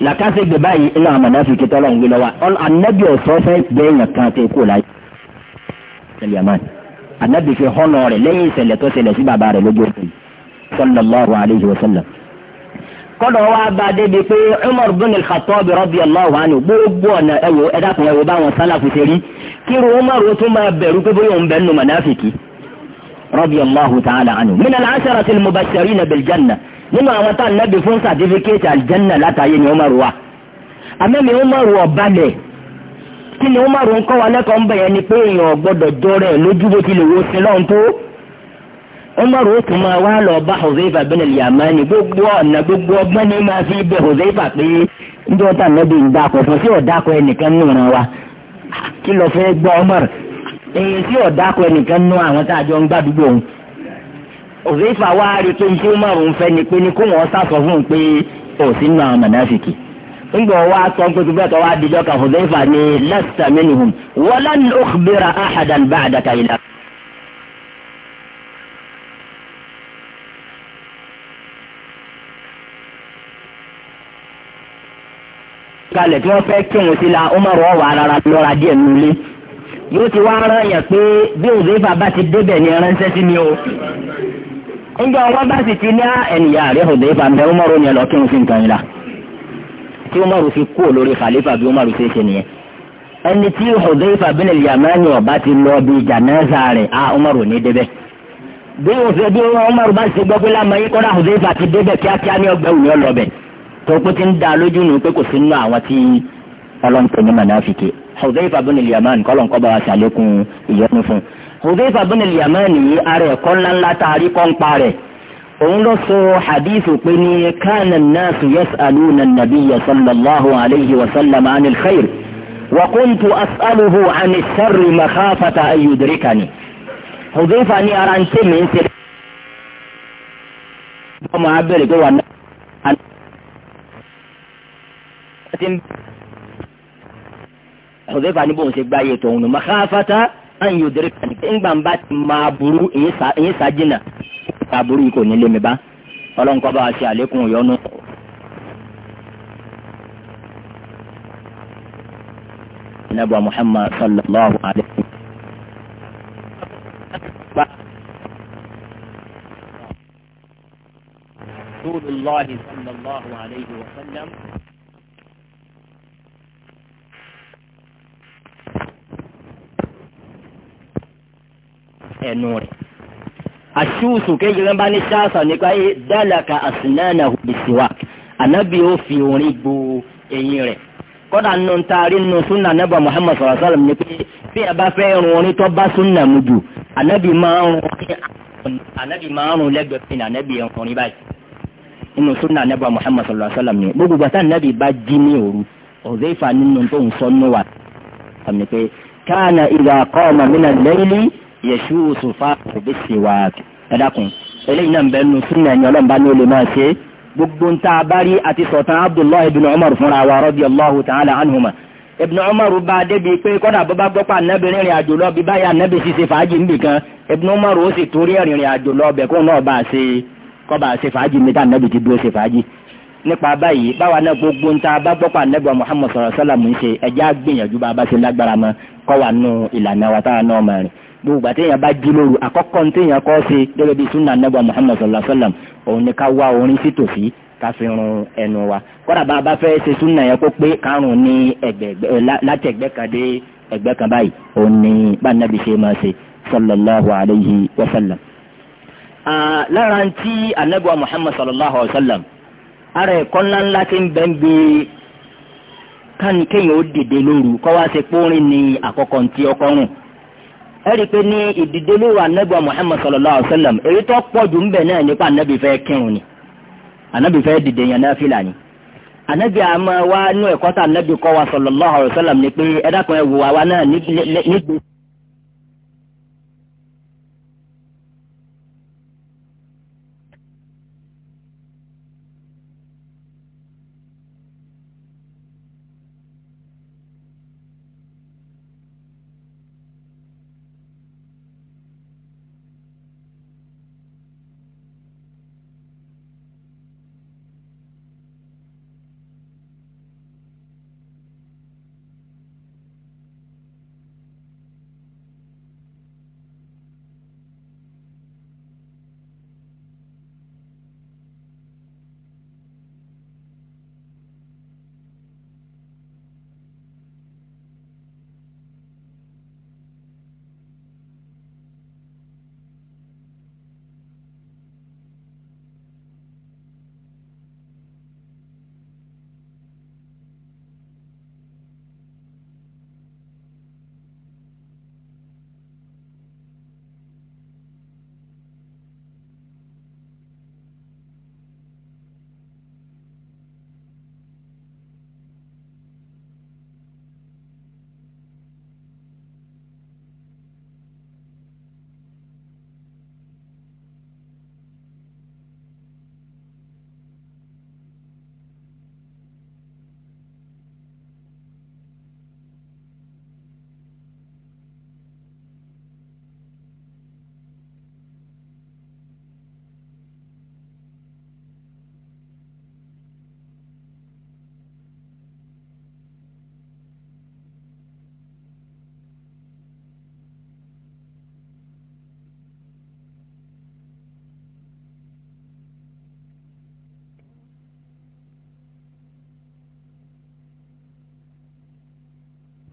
làkàṣe gbè báyìí inú àwọn mọ̀nàfíkì tọ́lọ̀ ń gbé lọ́wọ́ anabi ṣẹlẹ̀ yamani anabi fi họ́nà rẹ̀ lẹ́yìn ìṣẹ̀lẹ̀ tó ṣẹlẹ̀ sí bàbá rẹ̀ lójú òkè sallallahu alayhi wa sallam. kọ́dọ̀ wa bá débi pé umar bin al-khattab radiyallahu anhu gbogbo ọ̀nà ẹ̀wò ẹ̀dá kan ẹ̀wò báwọn sálàfù ṣe rí kíru umar tún máa bẹ̀rù pé bóyá òun bẹ̀rù mọ̀náfìkì radiyallahu ta'ala anhu. min al-asharati al-mubashirin bil-janna nínú àwọn tá kí ni Umaru ń kọ́ wa lẹ́kọ̀ọ́ ń bẹ̀ yẹn ni pé èèyàn gbọ́dọ̀ jọ rẹ̀ lójú bó ti lè wo sí lọ́n tó Umaru ó tún máa wá lọ bá Huzaifa bin al-Yamani gbogbo ọ̀nà gbogbo ọgbọ́n ní máa fi bẹ Huzaifa pé njẹ́ ọ̀tá nàbí ń dákọ̀ fún sí ọ̀dákọ̀ ẹnìkan nù ràn wa kí lọ fẹ́ gbọ́ Umaru èyí sí ọ̀dákọ̀ ẹnìkan nù àwọn tá a jọ ń gbàdúgbò òun Huzaifa wá rí pé njẹ́ Umaru ń fẹ́ ni pé ni kó wọ́n sá sọ fún un pé òsínú àwọn mọ̀nàfìkì ńgbọ̀ wá sọ pé tibẹ́ tó wá dijọ́ kan Hudhayfa ní lasta minhum walan ukhbira ahadan ba'daka ila. kalẹ̀ tí wọ́n fẹ́ kírun sí la Umar wọ́n wà rárá lọ́ra díẹ̀ nulẹ̀ yóò ti wá rán yẹn pé bí Hudhayfa bá ti débẹ̀ ni ránṣẹ́ sí mi o ńgbọ̀ wọ́n bá sì ti ní ẹnìyà rẹ̀ Hudhayfa mẹ́ Umar ní ẹ lọ kírun sí nǹkan yìí la tí umaru fi kú lórí khalifa bí umaru ṣe ṣe nìyẹn ẹni tí Hudhayfa bin al-Yamani ọba ti lọ bí janaza rẹ̀ a umaru ní débẹ̀ bí òfin bí umaru bá ṣe gbọ́ pé lámà yìí kọ́ra Hudhayfa ti débẹ̀ kíákíá ní ọgbẹ́ òní ọlọ́bẹ̀ tó kó ti ń da lójú nù pé kò sí nínú àwọn tí ọlọ́ǹtẹ̀ ní mọ̀nàfíkì Hudhayfa bin al-Yamani kọ́lọ́ǹkọ́ bá wa ṣàlékún ìyọ́nú fún Hudhayfa bin al yìí ara ẹ̀kọ́ ńláńlá tá a rẹ̀ òun ló sọ hadithu pé ní kánà náàsù yas'aluna an-nabiyya sallallahu alayhi wa sallam anil khair wa kuntu as'aluhu ani sharri makhafata an yudrikani. Hudhayfa ní ara ń tẹ̀ mí ń tẹ̀. ọmọ abẹ́rẹ́ pé wà náà. Hudhayfa ní bóun ṣe gbáyé tòun nù makhafata an yudrikani. ńgbà ń bá ti máa burú ìyín sájìnà. aburú kò ní lé mi bá ọlọ́run kọ́ bá a ṣe àlékún ìyọnu. nabu muhammad sallallahu alayhi wa sallam. ẹnu rẹ̀ àṣùsù kéjìlá bá ní ṣáàṣà nípa ẹ dálàkà àsìnáàna bìsíwá ànábì ó fi orin gbo eyín rẹ̀ kọ́dà nù taari nù súnà nàbà Muhammad sallallahu alaihi wasallam ní pé bí a bá fẹ́ rún orin tó bá súnà mu jù ànábì máa ń rún ànábì máa ń rún lẹ́gbẹ̀ẹ́ pin ànábì ń rún báyìí nínú súnà nàbà Muhammad sallallahu alaihi ní gbogbo gbàtà ànábì bá jí ní òru ọ̀dẹ́fà nínú tó ń sọ nù wà. kàmì pé káàna yẹ̀sù òṣùfà òbíṣì wà ẹ̀dàkùn eléyìí náà ń bẹ nu sínú ẹ̀yìn ọlọ́mba ní olè máa ṣe gbogbo ń ta àti sọ̀tàn abdullahi ibn umar fúnra wa radiyallahu ta'ala anhuma ibn umar bá débi pé kọ́dà bó bá gbọ́pọ̀ ànábì rìnrìn àjò lọ bí báyà ànábì sì ṣe fàájì níbì kan ibn umar ó sì torí ẹ̀rìnrìn àjò lọ bẹ̀ kó náà bá ṣe kọ́ bá ṣe fàájì níta ànábì ti dúró ṣe fàájì nípa báyìí báwa náà gbogbo ń bá gbọ́pọ̀ ànábì muhammad sallallahu alaihi wasallam ń ṣe ẹjẹ́ àgbìyànjú bá a bá ṣe lágbára mọ́ kọ́ wà nù ìlànà wa táwa náà máa rìn gbogbo àtẹ̀yàn bá jí lóru àkọ́kọ́ ntẹ̀yàn kọ́ ṣe gẹ́gẹ́ bí sunna anabi muhammad sallallahu alayhi wa sallam òun ni ká wá orin sí tòsí ká fi run ẹnu wa kọ́dà bá a bá fẹ́ ṣe sunna yẹn kó pé karùn-ún ní ẹgbẹ̀gbẹ̀ láti ẹgbẹ́ kan dé ẹgbẹ́ kan báyìí òun ni bá ṣe máa ṣe sallallahu alayhi wa sallam. lára ntí anabi muhammad sallallahu alayhi wa sallam ara ẹ̀kọ́ ńláńlá ti ń bẹ́ẹ̀ gbé kánìkéyìn ó dìde lóru kọ́ wá ṣe pórin ní àkọ́kọ́ ntí ọkọ́rùn-ún ẹ̀rí pé ní ìdìde lóru anabi muhammad sallallahu alayhi wa sallam èyí tó pọ̀ jù ń bẹ náà nípa anabi fẹ́ kírun ni anabi fẹ́ dìde yẹn náà fìlà ni anabi àmọ́ wa nú ẹ̀kọ́ tá anabi kọ́ wa sallallahu alayhi wa sallam ni pé ẹ̀dá kan ẹ̀ wù wá wa náà nígbèsè.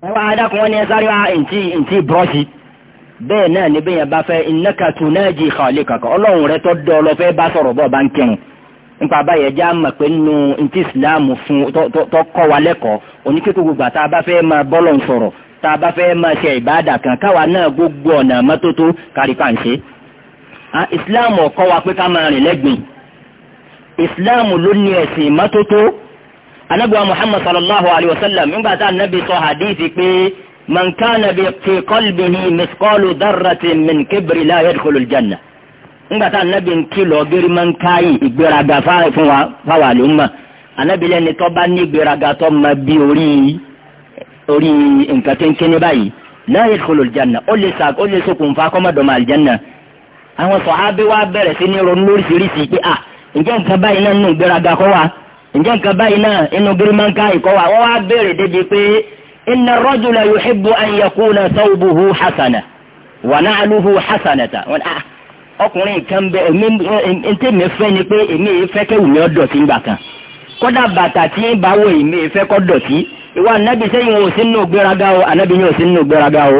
wọ́n wá adákùn wọn ní ẹ sáré wá ǹtí ǹtí búrọ́ọ̀ṣì bẹ́ẹ̀ náà ni bẹ́ẹ̀ yẹn bá fẹ́ innaka tunaji khaliqaka ọlọ́run rẹ tó dọ́ lọ fẹ́ bá sọ̀rọ̀ bọ́ọ̀ bá ń kírun nípa abáyẹ̀ já mọ̀ pé nínú ntí ìsìláàmù fún tó kọ́ wa lẹ́kọ̀ọ́ oníkékòó gbogbo àtà bá fẹ́ máa bọ́lọ̀ ń sọ̀rọ̀ tá bá fẹ́ máa ṣe ìbáàdà kan káwa náà gbogbo ọ̀nà mọ́tótó kárípà ń ṣe. ìsìláàmù ọ̀kọ́ wa pé ká máa rìn lẹ́gbìn ìsìláàmù ló ní ẹ̀sìn mọ́tótó anabiwa muhammad sallallahu alayhi wa sallam nígbà tá anabi sọ hadithi pé man kana fi qalbihi mithqalu dharratin min kibri la yadkhulu aljanna nígbà tá anabi ń kìlọ̀ gírímọ̀ káyì ìgbéraga fún wa fáwọn àlùmọ̀ anabi lẹ́ni tó bá ní ìgbéraga tó ma bí orí orí nǹkan kéńkéní báyìí la yadkhulu aljanna ó lè sàk ó lè sokùnfà kọ́mọdọ̀mọ aljanna àwọn sọ̀hábí wa bẹ̀rẹ̀ sí ní ronú lóríṣiríṣi pé à ǹjẹ́ nǹkan báyìí náà nù ìgbéraga kọ́ wa ǹjẹ́ nǹkan báyìí náà inú gírímọ̀ǹkà ìkọ́ wa wọ́n wá béèrè débi pé inna rajula yuhibbu an yakuna thawbuhu hasana wa na'luhu hasanata ah, ọkùnrin kan bẹ ntẹ mi fẹ́ ni pé èmi yìí fẹ́ kẹwù mi ọdọ̀tí ńgbà kan kódà bàtà tí ń bá wọ èmi yìí fẹ́ kọ́ dọ̀tí ìwà anabi sẹ́yìn ò sínú gbéraga o anabi yìí ò sínú gbéraga o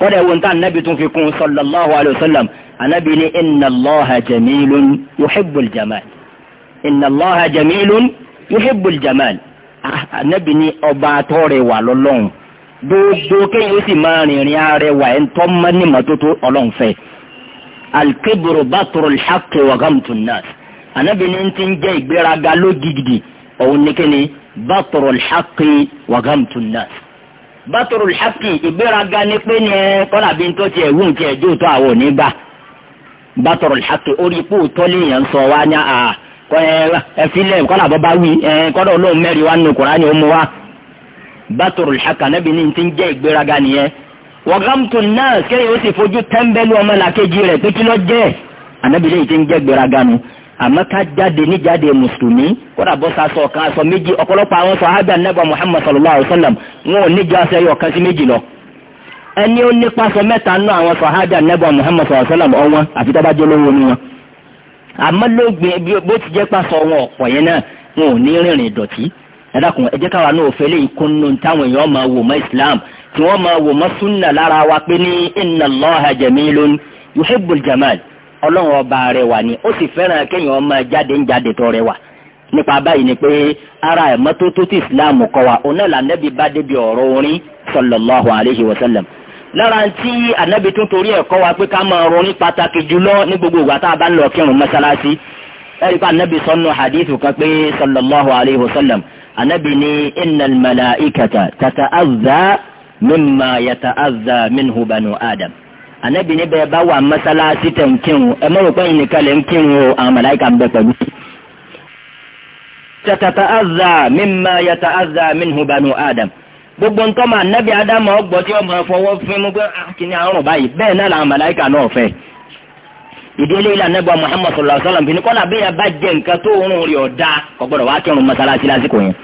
kódà ìwọ ntẹ anabi tún fi kún sallallahu alayhi wa sallam anabi ni inna allaha jamilun yuhibbul jamal inna allaha jamilun yuhibbul jamal anabi ah, ni ọba atọ́rẹwà lọ́lọ́run gbogbo kéyìn ó sì máa rìnrìn arẹwà ẹ̀ ń tọ́ mọ́ ní mọ́tótó ọlọ́run fẹ́ alkeburu batrul haqq wa ghamtun nas anabi ni ti ń jẹ́ ìgbéraga lógigidi òun ní kíni batrul haqq wa ghamtun nas batrul haqq ìgbéraga ni pé ni ẹ kọ́nà bí n tó tiẹ̀ wù tiẹ̀ jó tó àwọn ò ní gbà batrul haqq orí ipò tọ́lé yẹn sọ wá ní àá ẹfilẹ kọlá bọba wí kọdọ olóhùn mẹ́rin wa nù Kùránì ó mú wa bàtòrò ìṣàkà níbi ní ti ń jẹ ìgbéraga nìyẹn wọgàmtò náà kéèyàn ó sì fojú tẹ́ńbẹ́lú ọmọ làkejì rẹ̀ pé kí ló jẹ́ ànábìlẹ̀ yìí ti ń jẹ́ ìgbéraga nu àmọ́ ká jáde níjáde mùsùlùmí kódà bọ́ sa kan sọ méjì ọ̀pọ̀lọpọ̀ àwọn sàhábà Ànábì Muhammad sallallahu alaihi wasallam wọn ò níjọ aṣọ ẹyọ kan sí méjì lọ ẹni ó nípa sọ mẹ́ta nù àwọn sàhábà Ànábì Muhammad sallallahu alaihi wasallam ọ̀wọ́n àfi tábàjọ́ lówó ni wọn àmọ́ lóògbé bó ti jẹ́ pàṣọ wọn ọ̀pọ̀ yẹn náà wọn ò ní rìnrìn ìdọ̀tí ẹ̀dàkùn ẹ jẹ́ káwa náà òfin eléyìí kún nù táwọn èèyàn máa wò mọ́ Islam tí wọ́n máa wò mọ́ súnà lára wa pé ní inna Allaha jamilun yuhibbul jamal ọlọ́run ọba rẹwà ni ó sì fẹ́ràn kéèyàn máa jáde ń jáde tó rẹwà nípa báyìí ni pé ara ìmọ́tótó tí Islam kọ́ wa òun náà lànà bá débi ọ̀rọ̀ orin sallallahu alayhi wa sallam lára tí ànábì tún torí ẹ̀kọ́ wa pé ká máa ronú pàtàkì jùlọ ní gbogbo ìgbà tá a bá ń lọ kírun mọ́sálásí ẹ̀rí pa ànábì sọ́nù hadithu kan pé sallallahu alayhi wa sallam ànábì ní innal malaikata tata'azza mimma yata'azza minhu banu adam ànábì ní bẹ́ẹ̀ bá wà mọ́sálásí tẹ̀ kírun ẹ mọ̀ pé ìnìkan lè ń kírun o àwọn màláìka ń bẹ pẹ̀lú tata'azza mimma yata'azza minhu banu adam gbogbo ntọ́ ma nẹ́bí ádámà ọgbọ́ tí ọmọ fọwọ́ fún mú pé ah, kìíní àrùn báyìí bẹ́ẹ̀ náà làwọn màláìkà náà fẹ́ ìdílé ilà nẹ́bà Muhammad sallallahu alaihi wasallam bìíní kọ́lá bẹ́ẹ̀ bá jẹ nǹkan tó rún rí ọ̀dá ọgbọ́dọ̀ wá kírun mọ́sálásí lásìkò yẹn.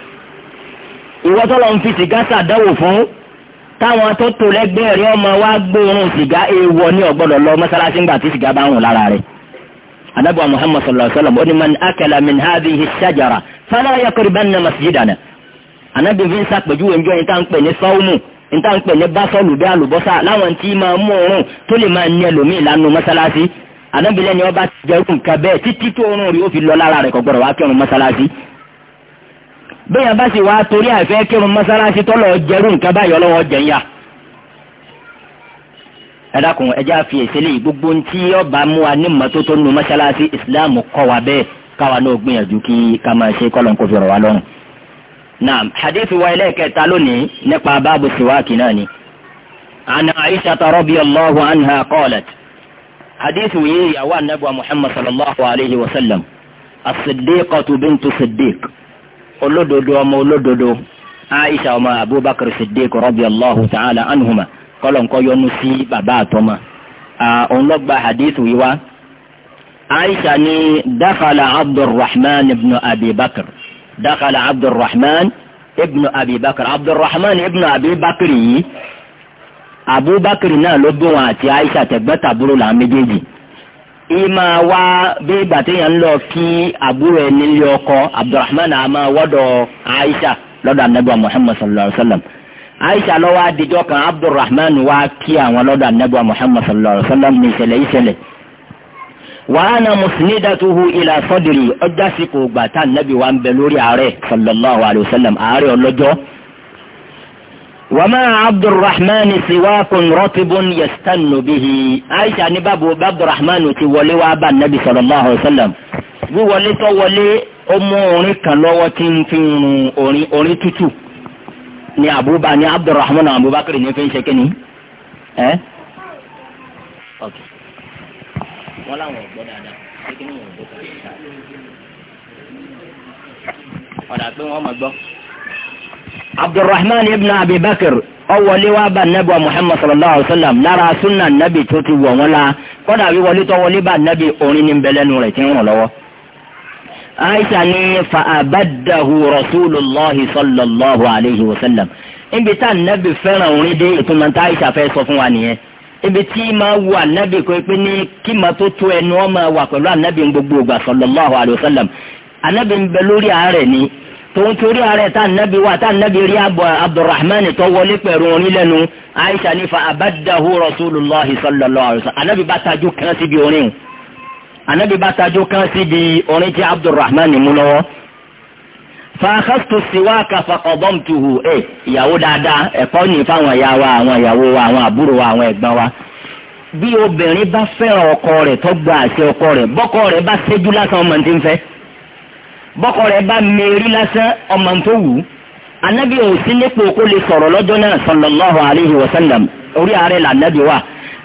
ìwọ sọlọ ń fi sìgá sàdánwò fún táwọn tó tó lẹ́gbẹ̀ẹ́ rí ọmọ wa gbóòórùn sìgá èèwọ̀ ní ọgbọ́dọ̀ lọ mọ́sálásí ńgbà tí sìgá bá rùn lára rẹ̀. anábọ̀ Muhammad sallallahu alaihi wasallam ó ní akala min hadhihi shajara fala yaqribanna masjidana anabi fi ń sàpèjúwe ń jọ ní tá à ń pè ní sọ́ọ̀mù ní tá à ń pè ní básọ́ọ̀lù bí àlùbọ́sà láwọn tí máa mú oorun tó lè máa ní ẹlòmíì lánàá mọ́sálásí anabi lẹ́ni ọba jẹ́rú nǹkan bẹ́ẹ̀ títí tó oorun rí ó fi lọ lára rẹ̀ kò gbọ́dọ̀ wá kírun mọ́sálásí. bẹ́ẹ̀ bá sì wá torí àìfẹ́ kírun mọ́sálásí tọ́lọ̀ jẹ́rú nǹkan báyọ̀ lọ́wọ́ jẹ̀yà ẹdákun ẹjẹ àfi ìṣẹ̀lẹ̀ yìí gbogbo ntí ọba mú wa ní mọ́tótó nu mọ́ṣáláṣí ìsìláàmù kọ́ wa bẹ́ẹ̀ káwa náà gbìyànjú kí ká máa ṣe kọlọǹkó fi rọ̀ wá lọ́rùn naam hadithi wa ẹlẹ́kẹta lónìí nípa báàbù siwáàkì náà ni. ana aisha ta radiyallahu anha qalat hadithi yìí ìyàwó anabuwa muhammad sallallahu alayhi wa sallam as-siddiqatu bintu siddiq olódodo ọmọ olódodo aisha ọmọ abubakar siddiq radiyallahu ta'ala anhuma kọlọ̀nkọ́ yọnu sí bàbá àtọ́mà òun lọ gba hadith yìí wá aisha ni dakhala abdulrahman ibn abi bakr dakala abdulrahman ibnu abibakar abdulrahman ibnu abibakar yìí abubakar náà ló bí wọn àti aisha tẹ̀gbọ́ntàbúrò làwọn méjèèjì ìmọ̀ wa bí ìgbà téèyàn ń lọ kí àbúrò ẹni lé ọkọ abdulrahman àmọ́ wọ́dọ̀ aisha lọ́dọ̀ anabi muhammad sallallahu alayhi wa sallam aisha lọ́wọ́ adijọ́ kan abdulrahman wá kí àwọn lọ́dọ̀ anabi muhammad sallallahu alayhi wa sallam ní ìṣẹ̀lẹ̀ wàhánà mùsùlùmí dàtúhu ilà sọ́dìrì ọjà sí kò gbà tá nàbí wa ń bẹ lórí ààrẹ sallallahu alayhi wa sallam ààrẹ ọlọ́jọ́. wàmà abdulrahman siwakun rọtibun yastanu bihi aisha ní bàbá abdulrahman ti wọlé wa bá nàbí sallallahu alayhi wa sallam wíwọlé tó wọlé ó mú orin kan lọ́wọ́ tí ń fi rún orin tútù ni abubakar ni abdulrahman abubakar ní fi ń ṣe kínní. Eh? Okay wọn làwọn ò gbọ́ dáadáa pé kí ni wọn ò gbọ́ kàdé ìta ọ̀dà pé wọ́n mọ̀ gbọ́. abdulrahman ibn abibakar ọwọlé wa bá nabi wa muhammad sallallahu alaihi wa sallam lára sunna nabi tó ti wọ̀ wọ́n la kọ́dà wíwọlé tó wọlé bá nabi orin ní nbẹ̀lẹ́nu rẹ̀ tí ń ràn lọ́wọ́. aisha ni fa abadahu rasulillahi sallallahu alaihi wa sallam níbi tá nabi fẹ́ràn orin dé ìtumọ̀ tá aisha fẹ́ sọ fún wa nìyẹn ibi tí máa wu ànábì kò pé ní kí màá tó tó ẹnu ọ máa wà pẹ̀lú ànábì gbogbo ògbà sallallahu alaihi wasallam ànábì ń bẹ lórí àárẹ̀ ni tòun torí ààrẹ tá nàbí wa tá nàbí rí abdulrahman tó wọlé pẹ̀lú orin lẹ́nu aisha nífa abadahu rasulillah sallallahu alayhi anabi bá tajú kan síbi orin anabi bá tajú kan síbi orin tí abdulrahman mú lọ́wọ́ fàákàtò síwáàkà fàkọ̀bọ́mtuhù ẹ̀ ìyàwó dáadáa ẹ̀kọ́ ní fáwọn ìyá wa àwọn ìyàwó wa àwọn àbúrò wa àwọn ẹ̀gbọ́n wa. bí obìnrin bá fẹ́ràn ọkọ rẹ̀ tó gba àṣẹ ọkọ rẹ̀ bọ́kọ rẹ̀ bá ṣẹ́jú lásán ọmọ tí ń fẹ́ bọ́kọ rẹ̀ bá mẹ́rí lásán ọmọ tó wù ú. anábì ò sí nípò kó lè sọ̀rọ̀ lọ́jọ́ náà sallallahu alayhi wa sallam orí ààrẹ làǹdàbí wa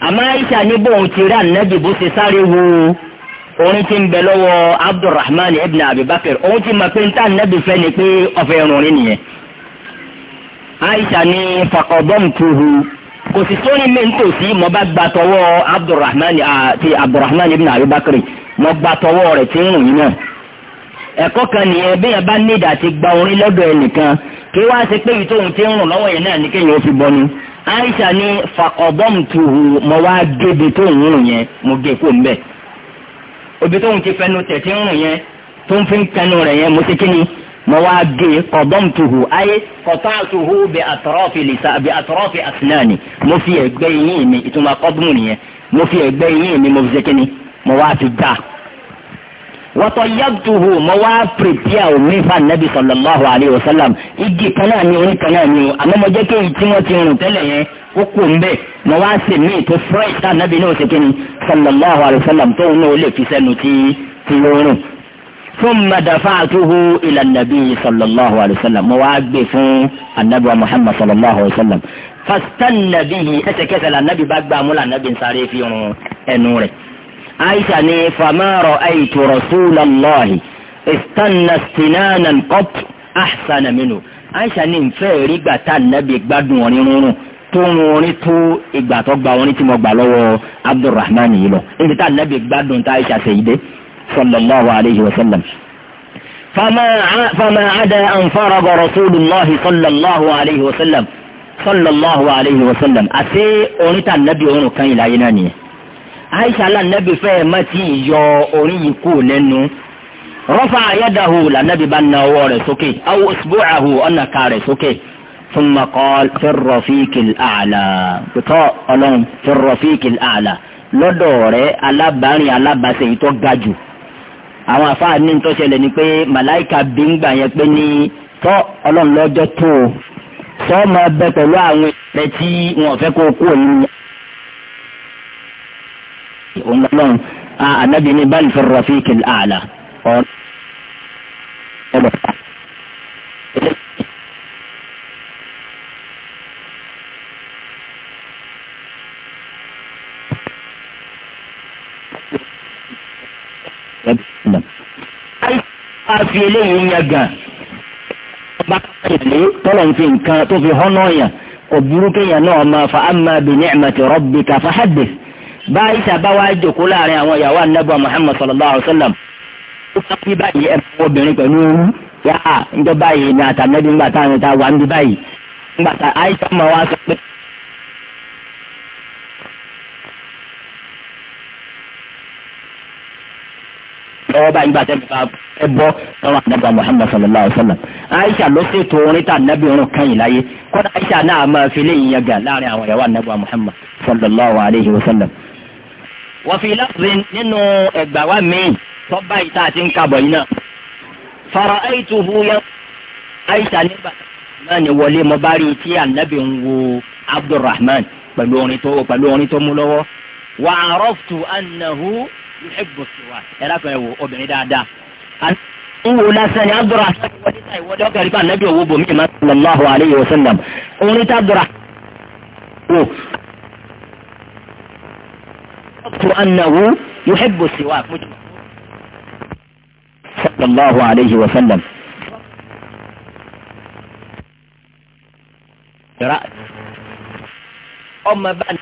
àmọ́ òun ti ń bẹ lọ́wọ́ abdulrahman ibn abibakar òun ti mọ̀ pé níta nẹ́bí fẹ́ ni pé ọ̀fẹ́ irun nìyẹn. aisha ní fakọ̀bọ́mtuhu kò sì sóni mẹ́ntòsí mo bá gba tọwọ́ abdulrahman àti abdulrahman ibn abibakar mo gba tọwọ́ rẹ̀ tí ń rùn yín náà. ẹ̀kọ́ kan nìyẹn bí yẹn bá nídà ti gba orin lọ́dọ̀ ẹnìkan kí wá ṣe pé ìtòhun ti ń rùn lọ́wọ́ yẹn náà ní kéèyàn ó fi bọnu. aisha ní fakọ̀bọ́mtuhu mo wá gé ibi tó ń rùn yẹn mo gé kó ń bẹ́ẹ̀ òbí tóun ti fẹnu tẹ̀ tí ń rùn yẹn tó ń fi ń kẹnu rẹ̀ yẹn mo ti kí ni mo wá gé e, kọ̀dọ́mtuhu ayé kọ̀tàtuhu bí àtọ̀rọ̀fì lìsà bí àtọ̀rọ̀fì àsìnáàni mo fi ẹ̀gbẹ́ yín mi ìtumọ̀ kọ́dùmù nìyẹn mo fi ẹ̀gbẹ́ yín mi mo fi ṣe kíni mo wá fi dá. wọ́tọ̀ yàtùhù mo wá pèpìà omi fa nàbì sallallahu alayhi wa sallam igi kan ni oníkan náà ni o àmọ́ mo jẹ́ kéyìí tí ti rùn tẹ́lẹ̀ yẹn ó kù ń bẹ̀ mo wá sí míì tó fresh tá ànábì náà ṣe kíni sallallahu alayhi wa sallam tóun náà ó lè fi sẹ́nu tí tí ó rùn. ثم دفعته إلى النبي صلى الله عليه وسلم مواقب النبي محمد صلى الله عليه وسلم فاستنى به أتكسل النبي بقى مولى النبي صاري في نوره عائشة فما رأيت رسول الله استنى استنانا قط أحسن منه عائشة نفيري بتاع النبي بقى نوره tó ń orin tó ìgbà tó gba orin tí mo gbà lọ́wọ́ abdulrahman yìí lọ níbi tá nàbì gbádùn tá aisha sèyídé sallallahu alayhi wa sallam. fama ada anfara ba rasulillahi sallallahu alayhi wa sallam sallallahu alayhi wa sallam àti orin tá nàbì orin kan yìí láyé náà nìyẹn. aisha la nàbì fẹ́ má ti yọ orin yìí kú lẹ́nu rọ́fà ayédáhù la nàbì bá na ọwọ́ rẹ̀ sókè awo isbu'ahu ọ̀nà ká rẹ̀ sókè. ثم قال في الرفيق الأعلى بطاء ألون في الرفيق الأعلى lọ́dọ̀ rẹ̀ alábàárin alábàáṣe yìí tó ga jù àwọn àfáà ní tó ṣẹlẹ̀ ni pé màláìka bí ń gbà yẹn pé ní tọ́ ọlọ́run lọ́jọ́ tó o sọ ma bẹ pẹ̀lú àwọn ẹ̀rẹ́ tí wọn fẹ́ kó kú òun ní. òun lọ́lọ́run ànábì ní báyìí fẹ́ rọ̀fíìkì àlà ọ̀rọ̀ wá fi eléyìí yẹn gàn ọba tẹ̀lé tọ́lọ̀ ń fi nǹkan tó fi họ́nà yàn kò burú kéèyàn náà máa fa amma bi ni'mati rabbika fa haddith báyìí sábà wá jòkó láàrin àwọn ìyàwó anábọ̀ Muhammad sallallahu alayhi wa sallam ó bá pín báyìí ẹ̀ fún obìnrin pẹ̀lú ooru yá ǹjọ́ báyìí ni àtàmẹ́bí ńgbà táwọn ìta wà ń bí báyìí ńgbà tá àìsàn máa wá sọ pé lọ́wọ́ báyìí gbà tẹ́lifà ẹ bọ́ lọ́wọ́ àdàbà Muhammad sallallahu alayhi wa sallam Aisha ló ṣètò orin tá ànábì orun kan yìí láyé kọ́dà Aisha náà máa fi léyìn yẹn gà láàrin àwọn ìyàwó àdàbà Muhammad sallallahu alayhi wa sallam. wọ́n fi lọ́sìn nínú ẹgbà wa míì tó báyìí tá a ti ń kabọ̀ yìí náà fara aituhu yẹn Aisha nígbà náà ni wọlé mo bá rí tí ànábì ń wo Abdulrahman pẹ̀lú orin tó pẹ̀lú orin tó mú lọ́wọ́ wa araftu yuhibbu siwak ẹ̀rọ kan ẹ̀wò obìnrin dáadáa. Nwo lásán ni Abdul Rahman wọ́n ti ta ìwọ́dọ̀ kẹrì pa Nàbí owó bòmí ìmọ̀ sallallahu alayhi wa sallam. Òun ní tábùrà. Wò. Ọ̀tù ànàwó yuhibbu siwak mú jù. Sallallahu alayhi wa sallam. Ọmọ bá ní.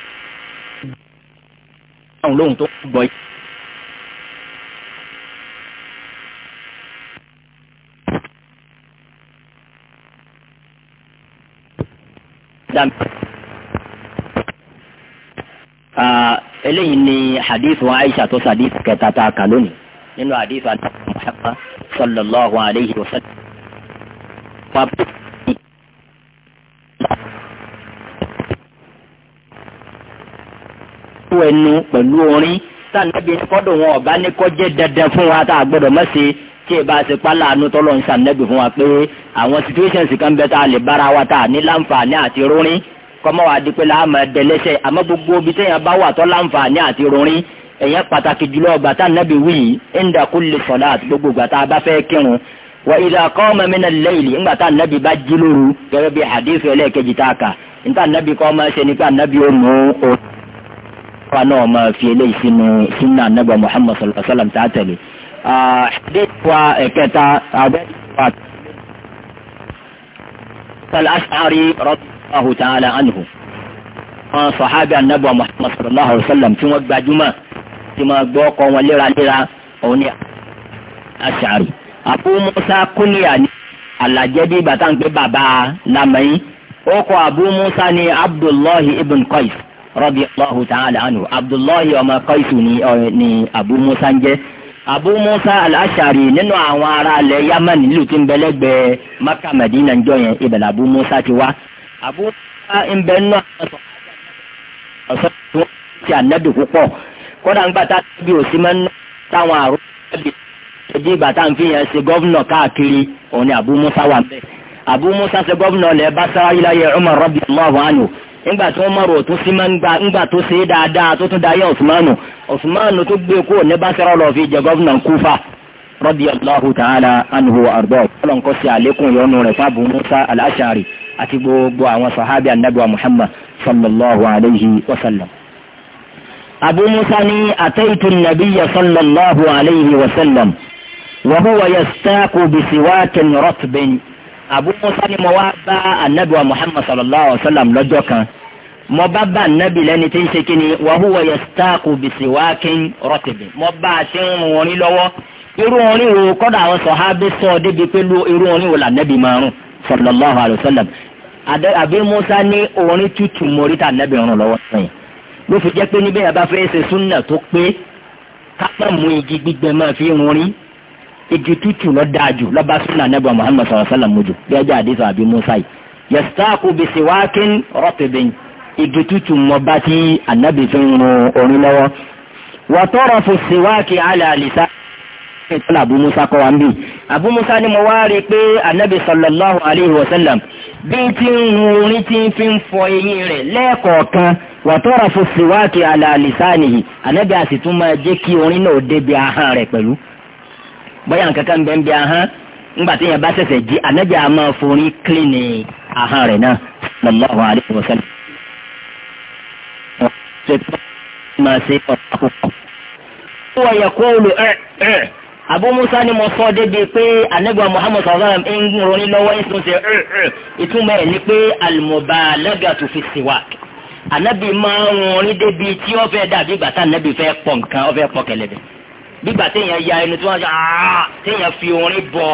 Àwọn olóhùn tó gbọ́ yìí. dàmí. Ah, eléyìí ni hadith wa aisha tó sadith kẹta tá a kà lónìí nínú hadith wa alayhi muhammad sallallahu alayhi wa sallam. ẹnu pẹ̀lú orin tá a nàbí kọ́dọ̀ wọn ọ̀bá ní kọjẹ́ dandan fún wa tá a gbọ́dọ̀ mọ̀ sí i tí ì bá ṣe pálá àánú tọ́lọ́ ń ṣàǹdẹ́gbẹ̀ fún wa pé àwọn situations kan bẹ́ẹ̀ tá a lè bára wa ta ní láǹfààní àti rúnrín kọ́mọ́ wa di pé láàmú ẹ̀dẹ́lẹ́sẹ̀ àmọ́ gbogbo ibi téèyàn bá wà tọ́ láǹfààní àti rúnrín èèyàn pàtàkì jùlọ ọgbà tá nàbì wí inda kulli salat gbogbo ìgbà tá a bá fẹ́ kírun wa idha qama min náà máa fi eléyìí àdéhùwà ẹ̀kẹta àbẹ́dẹ́wà sàlásàárì rọ́bìláhù tààlà ànùhù wọn sọ̀hábì anábọ̀ muhammad sallallahu alayhi wa sallam tí wọ́n gbajúmọ̀ tí wọ́n gbọ́ ọkọ̀ wọn léraléra òun ni àṣàrì àpò musa kúnìyà ní alajẹbi bàtà ń pè bàbá lamẹ́yìn ó kọ àbú musa ní abdullahi ibn qais rọ́bìláhù tààlà ànùhù abdullahi ọmọ qais ni àbú musa ń jẹ́ abu musa al-ashari nínú àwọn ará ilẹ̀ yaman nílùú tí ń bẹ lẹ́gbẹ̀ẹ́ maka medina ń jọ yẹn ibẹ̀ làbú musa ti wá abu musa ń bẹ nínú àwọn ọ̀sán tó ti ànábì púpọ̀ kódà ń gbà tá a bí òsì máa ń ná táwọn àrùn ẹbí ẹbí ìgbà ń fi yẹn ṣe gọ́vnọ̀ káàkiri òun ni abu musa wà abu musa ṣe gọ́vnọ̀ lẹ́ bá sáráyé láyé umar radiyallahu anhu nígbà tí wọ́n mọ̀rọ̀ tó sí máa ńgbà tó ṣe é dáadáa tó tún dayé ọ̀sùmánù ọ̀sùmánù tó gbé e kúrò ní bàṣẹ́rọ̀ lọ fi jẹ gọ́vùnà kúfà radiyallahu ta'ala anhu àrùbọ̀ ọlọ́nkọ́ sí àlékún ìyọnu rẹ̀ fábù musa al-ashari àti gbogbo àwọn sahabi anabiwa muhammad sallallahu alayhi wa sallam. abu musa ni ataitu nabiya sallallahu alayhi wa sallam wa huwa yastaaku bisiwaakin Abu Musa ni mo wá bá anabi wa Muhammad sallallahu alaihi wa sallam lọ́jọ́ kan mo bá bá anabi lẹ́ni tí ń ṣe kí ni wa huwa yastaaku bisiwakin rọtìbì mo bá a ṣe ń wọn ní lọ́wọ́ irú wọn ní wo kọ́dà àwọn sọ̀hábí sọ débi pé irú wọn ní wo lànàbì márùn sallallahu alaihi wa sallam Musa ní orin tútù mọ́rítà anabi rún lọ́wọ́ sẹ́yìn ló fi jẹ́ pé níbẹ̀ yẹn bá fẹ́ ṣe súnà tó pé kápẹ́ mú igi gbígbẹ máa fi rún rí igi tútù lọ dáa jù lọ Muhammadu súnà nẹ́bà muhammed sọ̀rọ̀ sọ́là mojú bí ẹjọ́ àdìsọ àbí musa yìí yẹ̀sítáàkù bí siwákin rọ́pìbìn igi tútù mọ bá tí ànábì fi ń rún orin lọ́wọ́ wà tọrọ fún siwákin alẹ́ àlìsá ìtọ́lá abu musa kọ́ wa ń abu musa ni mo wá rí i pé sallallahu alayhi wa sallam bí tí ń rún orin tí ń fi ń fọ eyín rẹ̀ lẹ́ẹ̀kọ̀ọ̀kan wàtọ́ra fún siwáàkì alàlìsáàni yìí ànábì àsìtún máa jẹ́ kí orin náà débi ahọ́n rẹ̀ pẹ̀lú bóyá nǹkan kan bẹ́ẹ̀ ń bẹ ahán ńgbà tí yẹn bá ṣẹ̀ṣẹ̀ jí ànájà á máa forí kílínì ahán rẹ̀ náà lọ́lọ́run àdéhùn wọ́n yẹ kó lu ẹ̀ ẹ̀ Abu ni mo sọ débi pé anagba Muhammad sallallahu ń ronú lọ́wọ́ ń sún ṣe ẹ̀ ẹ̀ ìtumọ̀ ẹ̀ ni pé al-mubalagatu fi siwak anabi máa ń rin débi tí ó dàbí gbàtà anabi fẹ́ pọ̀ nǹkan ó pọ̀ kẹlẹ́bẹ̀ẹ́ bígbà téèyàn ya ẹnu tí wọ́n ṣe aa téèyàn fi orin bọ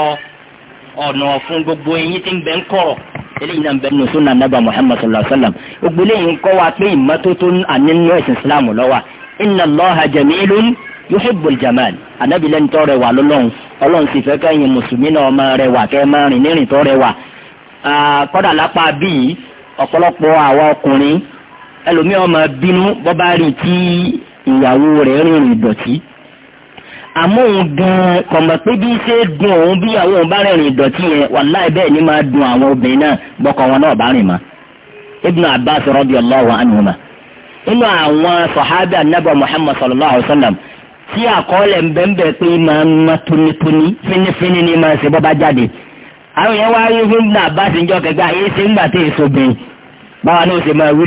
ọ̀nà fún gbogbo eyín tí ń bẹ ń kọ̀rọ̀ eléyìí náà ń bẹ nínú sunna nabà muhammad sallallahu alayhi wa sallam gbogbo eléyìí ń kọ́ wa pé ìmọ́tótó ànínú ẹ̀sìn islam lọ́wọ́ inna allaha jamilun yuhibbul jamal anabi lẹ́ni tó rẹwà lọ́lọ́run ọlọ́run sì fẹ́ kẹ́yìn mùsùlùmí náà máa rẹwà kẹ́ máa rìn nírìn tó rẹwà kọ́dà lápá bíi ọ̀pọ̀lọpọ̀ àwa ọkùnrin ẹlòmíràn máa bínú bọ́ bá tí ìyàwó rẹ̀ rìnrìn dọ̀tí àmọ́ òun gan-an kò pé bí ṣe dùn òun bí ìyàwó òun bá rìnrìn ni máa dùn àwọn obìnrin náà bọ́kọ wọn náà bá rìn mọ́ Ibn Abbas radiyallahu anhuma inú àwọn sọ̀hábà nàbà Muhammad sallallahu alayhi wa sallam tí àkọọ́lẹ̀ bẹ́ẹ̀ pé máa ni máa ṣe jáde àwọn yẹn fún Ibn Abbas èso báwa náà ṣe máa wí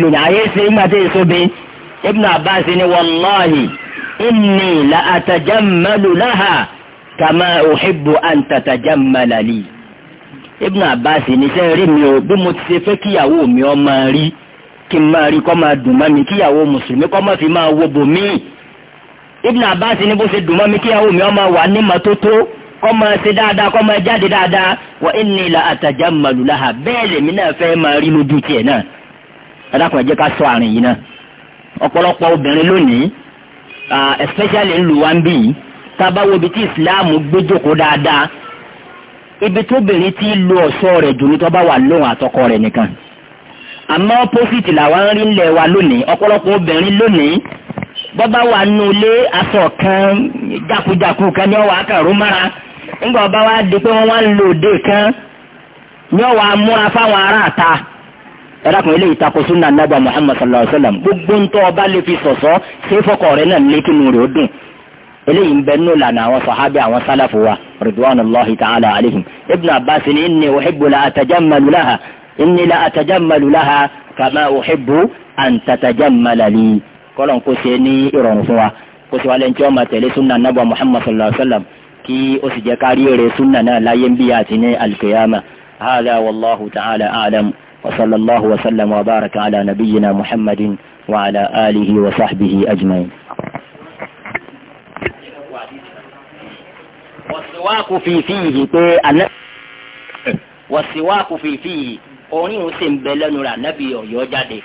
lónìí inni la atajammalu laha kama uhibbu an tatajammala li. ibn abbas níṣẹ́ rí mi o bí mo ti ṣe fẹ́ kíyàwó mi ọ máa rí kí n máa rí kọ́ máa dùn mọ́ kíyàwó mùsùlùmí kọ́ máa fi máa wo bò mí. ibn abbas ní bó ṣe dùn mọ́ kíyàwó mi ọ máa wà ní mọ́tótó kọ́ máa ṣe dáadáa kọ́ máa jáde dáadáa wa inni la atajammalu laha bẹ́ẹ̀ lèmi náà fẹ́ máa rí lójú tiẹ̀ náà. ẹ jẹ́ ká sọ àrùn yìí náà ọ̀pọ̀lọpọ̀ obìnrin lónìí Ah, especially ńlù wa ń bì yìí tábàwọ̀ ibi tí ìsìláàmù gbójókòó dáadáa ibi tó tóbìnrin ti lo ọ̀ṣọ́ rẹ̀ jù ní tó bá wà lóhùn àtọkọ rẹ̀ nìkan àmọ́ pósìtì làwọn ń rí lẹ̀ wa lónìí ọ̀pọ̀lọpọ̀ obìnrin lónìí bọ́bá wà nù ilé aṣọ kan jákujáku kan ní ọwọ́ akàrún mára ńgbà ọba wa di pé wọ́n wá ń lo òde kan ní ọwọ́ amúra fáwọn aráàta ẹ̀dàkùn ilé ìtakò súnà nàgbà muhammad sallallahu alayhi wa sallam gbogbo ń tọ́ ọba lè fi sọ̀sọ́ ṣé fọkọ rẹ̀ náà lé kí nù rẹ̀ ó dùn eléyìí ń bẹ nínú ìlànà àwọn sàhábẹ́ àwọn sálàfù wa ridwanullahi ta'ala alayhim ibn abbas ni inni uhibbu la atajammalu laha inni la atajammalu laha kama uhibbu an tatajammala ṣe ní ìrọ̀rùn fún wa kó ṣe wá lẹ́yìn wọ́n máa tẹ̀lé sunna nàbà muhammad sallallahu alayhi wa sallam kí ó sì jẹ́ kárí sunna náà láyé ń bí àti ní alkiyama hada wallahu ta'ala a'lam. وصلى الله وسلم وبارك على نبينا محمد وعلى آله وصحبه أجمعين والسواك في فيه والسواك في فيه orin ò sì ń bẹ lẹ́nu rà nábì ọ̀yọ́ jáde.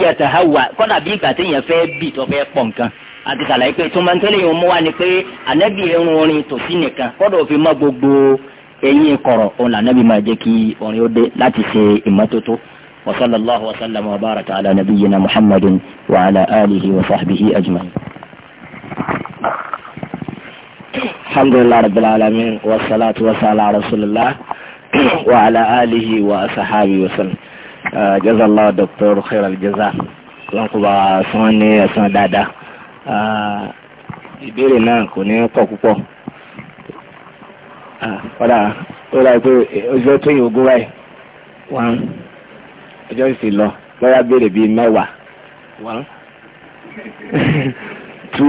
yẹtà hawa kọ́dà bí ìgbà téèyàn fẹ́ bì tó fẹ́ pọ̀ nǹkan àti sàlàyé pé tó máa ń tẹ́lẹ̀ yẹn mú wa ni pé ànábì ẹ̀rùn orin tòsí nìkan kọ́dà òfin mọ́ gbogbo eyín kọ̀rọ̀ òun là nàbí máa jẹ́ kí orin ó dé láti ṣe ìmọ́tótó wa sallallahu wa sallam wa baraka ala nabiyyina muhammadin wa ala alihi wa sahbihi ajma'in. alhamdulilah rabbil alamin wa salatu wa sala rasulillah wa ala alihi wa sahabi wa sallam uh, jazallah doctor khairal jaza wọn kò bá sọ́n ní ẹ̀sán uh, ìbéèrè náà kò ní pọ̀ púpọ̀. Ah, padà ó láì pé ojú tó yìn ogún báyìí wọ́n ọjọ́ ìsìn lọ lọ́yà béèrè bíi mẹ́wàá wọ́n tú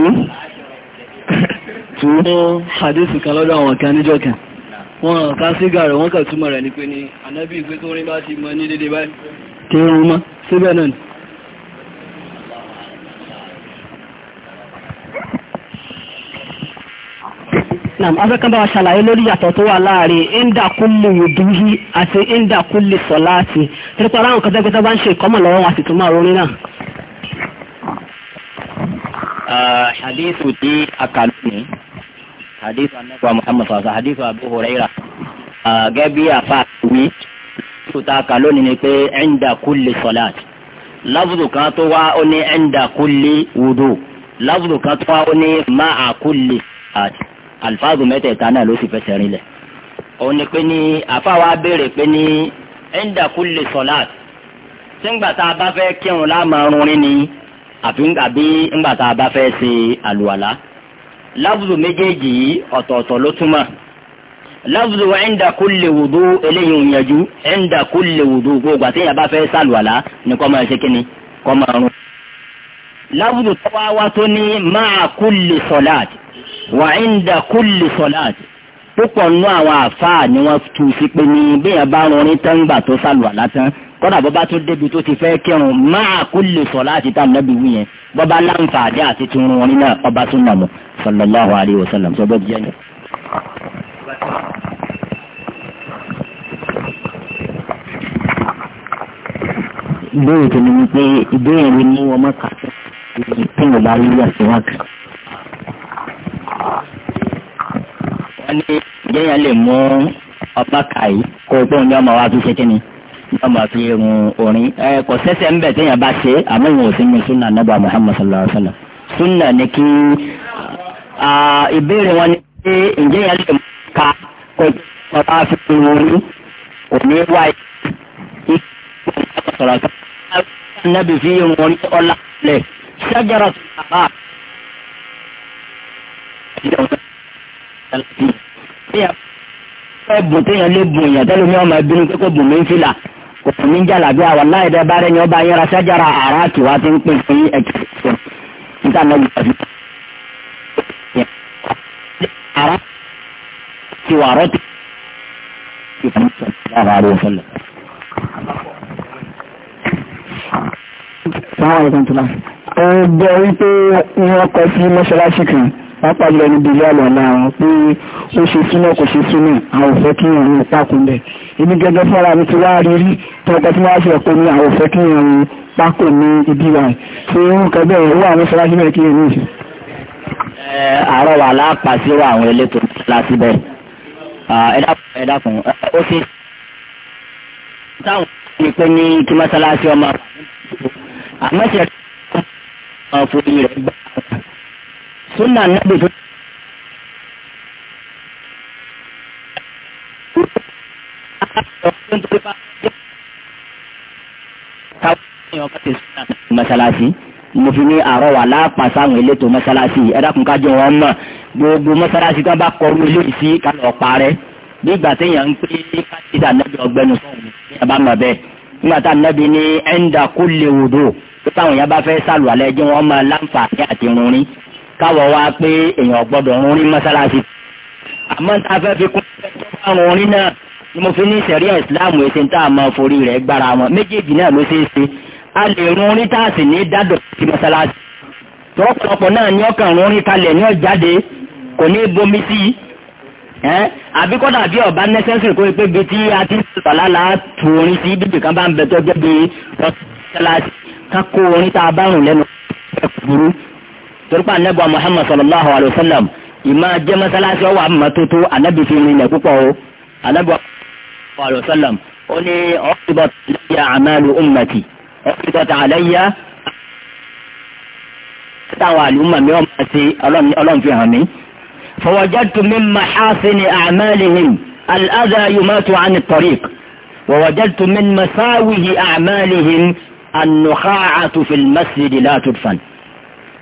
tú. wọ́n hadisi kan lọ́dọ̀ àwọn kan níjọ́ kan wọ́n ká sí gàrẹ̀ kà túmọ̀ rẹ̀ ni pé ní ànábì ìgbé bá ti mọ ní dédé báyìí kí ó rún mọ́ síbẹ̀ náà nam afẹ́kan bá wa ṣàlàyé lórí yàtọ̀ tó wà láàrin indakulu yuduhi àti indakulu sọláàtì nípa aláwọn kan tẹ́gbẹ́tẹ́ bá ń ṣe ìkọ́mọ̀ lọ́wọ́ wọn sì tún máa ronú náà. hadithu di akalumi hadithu anagba muhammad sọ̀rọ̀ hadithu abu huraira gẹ́gẹ́ bí afa wí tó ta akalóni ni pé indakulu sọláàtì lábùdù kan tó wá ó ní indakulu wudu lábùdù kan tó wá ó ní máa sọláàtì alifáàgù mẹ́tẹ̀ẹ̀ta náà ló sì fẹsẹ̀ rinlẹ̀ òun ni pé ní àfáwa béèrè pé ní ẹ̀ńdà kulli sọ̀láàt sígbà tá a bá fẹ́ kírun láàmú rin ni àbí ńgbà tá a bá fẹ́ ṣe àlùwàlá lábùdù méjèèjì yìí ọ̀tọ̀ọ̀tọ̀ ló túmọ̀ lábùdù ẹ̀ńdà kulli wudu eléyìí ń yanjú ẹ̀ńdà kulli wudu gbogbo bá fẹ́ ṣàlùwàlá ni kọ́ máa ṣe kíni kọ́ máa rún. lábùdù tọ́wá wá tó ní máa kulli sọ̀láàt wà ìndà kúlì sọ̀láàtì púpọ̀ nú àwọn àfáà ni wọ́n tu sí pé ní bíyàn bá rin orin tán gbà tó sàlùwà látán kọ́dà bọ́bá tún débi tó ti fẹ́ kírun máa kúlì sọ̀láàtì tá nàbí wí yẹn bọ́bá láǹfààní àti tún rin orin ọba tún nàmú sallallahu alayhi wa sallam sọ bọ́ yẹn. ìbéèrè tó ní wípé ìbéèrè ni wọ́n mọ̀ kà tí wọ́n bá rí àṣewá kan wọ́n ní jẹ́yàn lè mú ọba kàyí kó gbóhùn ní ọmọ wa tún ṣe kíni ní ọmọ fi hun orin ẹ kò sẹ́sẹ̀ ń bẹ̀ téèyàn bá ṣe àmọ́ ìwọ̀n òsín ní sunna nàbà Muhammad sallallahu alayhi wa sallam sunna ni kí ìbéèrè wọn ni pé ǹjẹ́ yẹn lè mú ká kó ọba fi hun orin òní wáyé ìkó sọ̀rọ̀ kan nábì fi hun orin ọlá lẹ̀ ṣájára tó ẹ̀bùn téèyàn lè bùn èèyàn tẹ́lẹ̀ mi ọmọ ẹbí ní kókó bùn mí ń fìlà kò ní jàlábí àwọn láìdẹ́ bá rẹ̀ ni ọba yẹra sájára àrà àtìwá ti ń pè fún ẹ̀jẹ̀ ìṣẹ̀ níta náà lè bàbí. àrà ti wà rọ́ ti fi fún ìṣẹ̀lẹ̀ lára rẹ̀ fẹ́lẹ̀. sáwọn ìkàntúlá. ẹgbẹ́ wípé wọ́n kọ sí mọ́ṣáláṣí kan pàápàá jùlọ níbi ilé àlọ́lá àwọn pé ó ṣe súnà kò ṣe súnà àwọn òfẹ́ kí ìrìn àwọn pákó bẹ̀. èmi gẹ́gẹ́ fúnra mi ti wá rí rí tọkọ tí wọ́n ṣe pé ní àwọn òfẹ́ kí ìrìn pákó ní ibi wa ṣe irú nǹkan bẹ́ẹ̀ wọ́n àwọn fúnra síbẹ̀ kí ìrìn ìṣe. àárọ̀ wà lápá sí àwọn elétò láti bẹ̀. ẹ dákun ó ti táwọn ní pé ní kí mọ́sálásí ọmọ àmọ́ ṣe fún ìrẹ̀ gbà súnà nábì tó. masalasi mo fi ní àárọ̀ wà lápàṣà àwọn elétò masalasi ẹ̀dákun ká jẹ́ wọn mọ̀ gbogbo masalasi tó bá kọrú eléyìí sí ká lọ parẹ́ bí ìgbà téèyàn ń pè é kájídà nẹ́bí ọgbẹ́ni sọ̀rọ̀ ní ẹ̀bá mọ̀ bẹ́ẹ̀ nígbà tá nẹ́bí ní ẹ̀ńdà kó lè wòdò tó táwọn èèyàn bá fẹ́ sàlùwalẹ̀ jẹ́ wọn mọ̀ láǹfààní àti irunrin káwọ̀ wá pé èèyàn gbọ́dọ̀ rún ní mọ́sálásí. àmọ́ tá a fẹ́ fi kún ẹjọ́ bá rún ní náà ni mo fi ní sẹ̀ríà ìsìláàmù èsì tá a máa forí rẹ̀ gbára wọn méjèèjì náà ló ṣeé ṣe a lè rún ní táàsì ní dádọ̀ sí mọ́sálásí. tọ́pọ̀lọpọ̀ náà ni ọkàn rún ní kalẹ̀ ní ọ̀jáde kò ní bomi sí i àbí kọ́dà bí ọba nẹ́sẹ̀sì kó pé bí tí a ti ń sọ̀tọ̀ lálá tu orin sí bíbí kan bá ń bẹ tó jẹ́ bí ọ̀sẹ̀ torípa anabi wa muhammad sallallahu alayhi wa sallam ìmọ̀ ajẹ́ mọ́sálásí ọwọ́ àmọ́tótó anabi fi rìn lẹ̀ púpọ̀ o anabi wa sallallahu alayhi wa sallam ó ní ọ̀rẹ́bọ̀t alayya amalu ummati ọ̀rẹ́bọ̀t alayya táwọn àlùmọ̀ mi ọmọ sí ọlọ́run fi hàn mí. fọwọ́jẹ́tu mi mahasini amalihim al-adha yumatu ani tariq wọ̀wọ́jẹ́tu mi masawihi amalihim an-nukha'atu fil masjid la tudfan.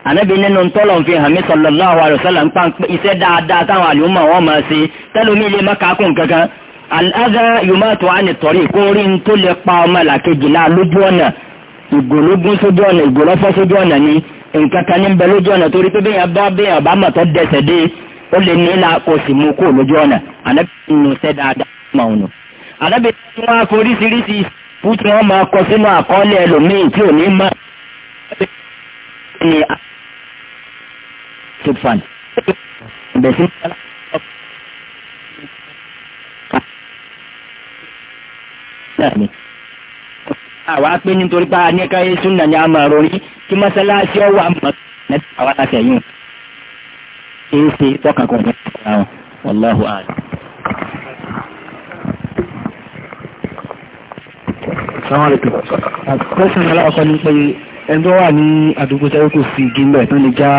ànábi nínú ntọ́lọ̀ fi hàn mí sallallahu alaihi wasallam ń pa iṣẹ́ dáadáa táwọn àlùmọ̀ wọn máa ṣe tẹ́lómi lè má kàákùn kankan al-adha yumatu ani tọ̀rí kó rí n tó lè pa ọmọ làkejì náà lójú ọ̀nà ìgòlógún sójú ọ̀nà ìgòlọ́fọ́ sójú ọ̀nà ni nǹkan kan ní bẹ lójú ọ̀nà torí pé bẹ́ẹ̀ yẹn bá bẹ́ẹ̀ ọ̀bá mọ̀ tó dẹsẹ̀ dé ó lè ní ilà kò sì mú kó lójú ọ̀nà ànábi nù sẹ́ dáadáa mọ̀ ọ̀nà ànábi tí wọ́n á foríṣiríṣi fún tí wọ́n máa kọ sínú àkọọ́lẹ̀ ẹlòmíì tí ò ní mọ̀ ní tube fan. Ibẹ̀ sí ní àwa pé nítorí pa anẹ́káyé súnà ni a máa rọrí kí mọ́sálásí ọwọ́ àmọ́ mẹ́ta àwọn aláṣẹ yìí ṣe é ṣe tọkànkàn ní àwọn wàláhù àlù. Kọ́sìn aláwọ̀kọ́ ni pé ẹgbẹ́ wà ní àdúgbò tẹ́wọ́ kò sí igi tó lè já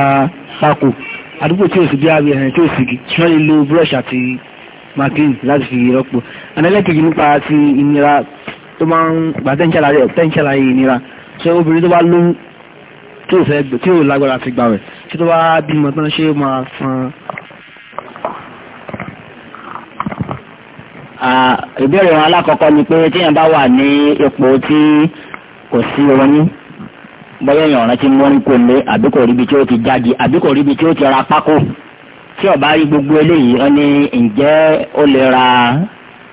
pákó àdúgbò tí ò sí bí abẹ ẹ̀rìn tí ò sígi wọ́n lè lo brush àti martin láti fi rọ́pò anẹ́lẹ́kejì nípa ti ìnira tó máa ń gbà tẹ́ńṣàlàyé ìnira ṣé obìnrin tó bá lóyún tí ò fẹ́ tí ò lágbára ti gbà rẹ̀ tí tó bá bímọ tán ṣé máa san ìbéèrè wọn alákọ̀ọ́kọ́ ni pé téèyàn bá wà ní ipò tí kò sí oyún bóyá èèyàn rántí mọ́rin kò lé àbí kò ríbi tí ó ti jáde àbí kò ríbi tí ó ti ra pákó tí ọba rí gbogbo eléyìí wọn ní ǹjẹ́ ó lè ra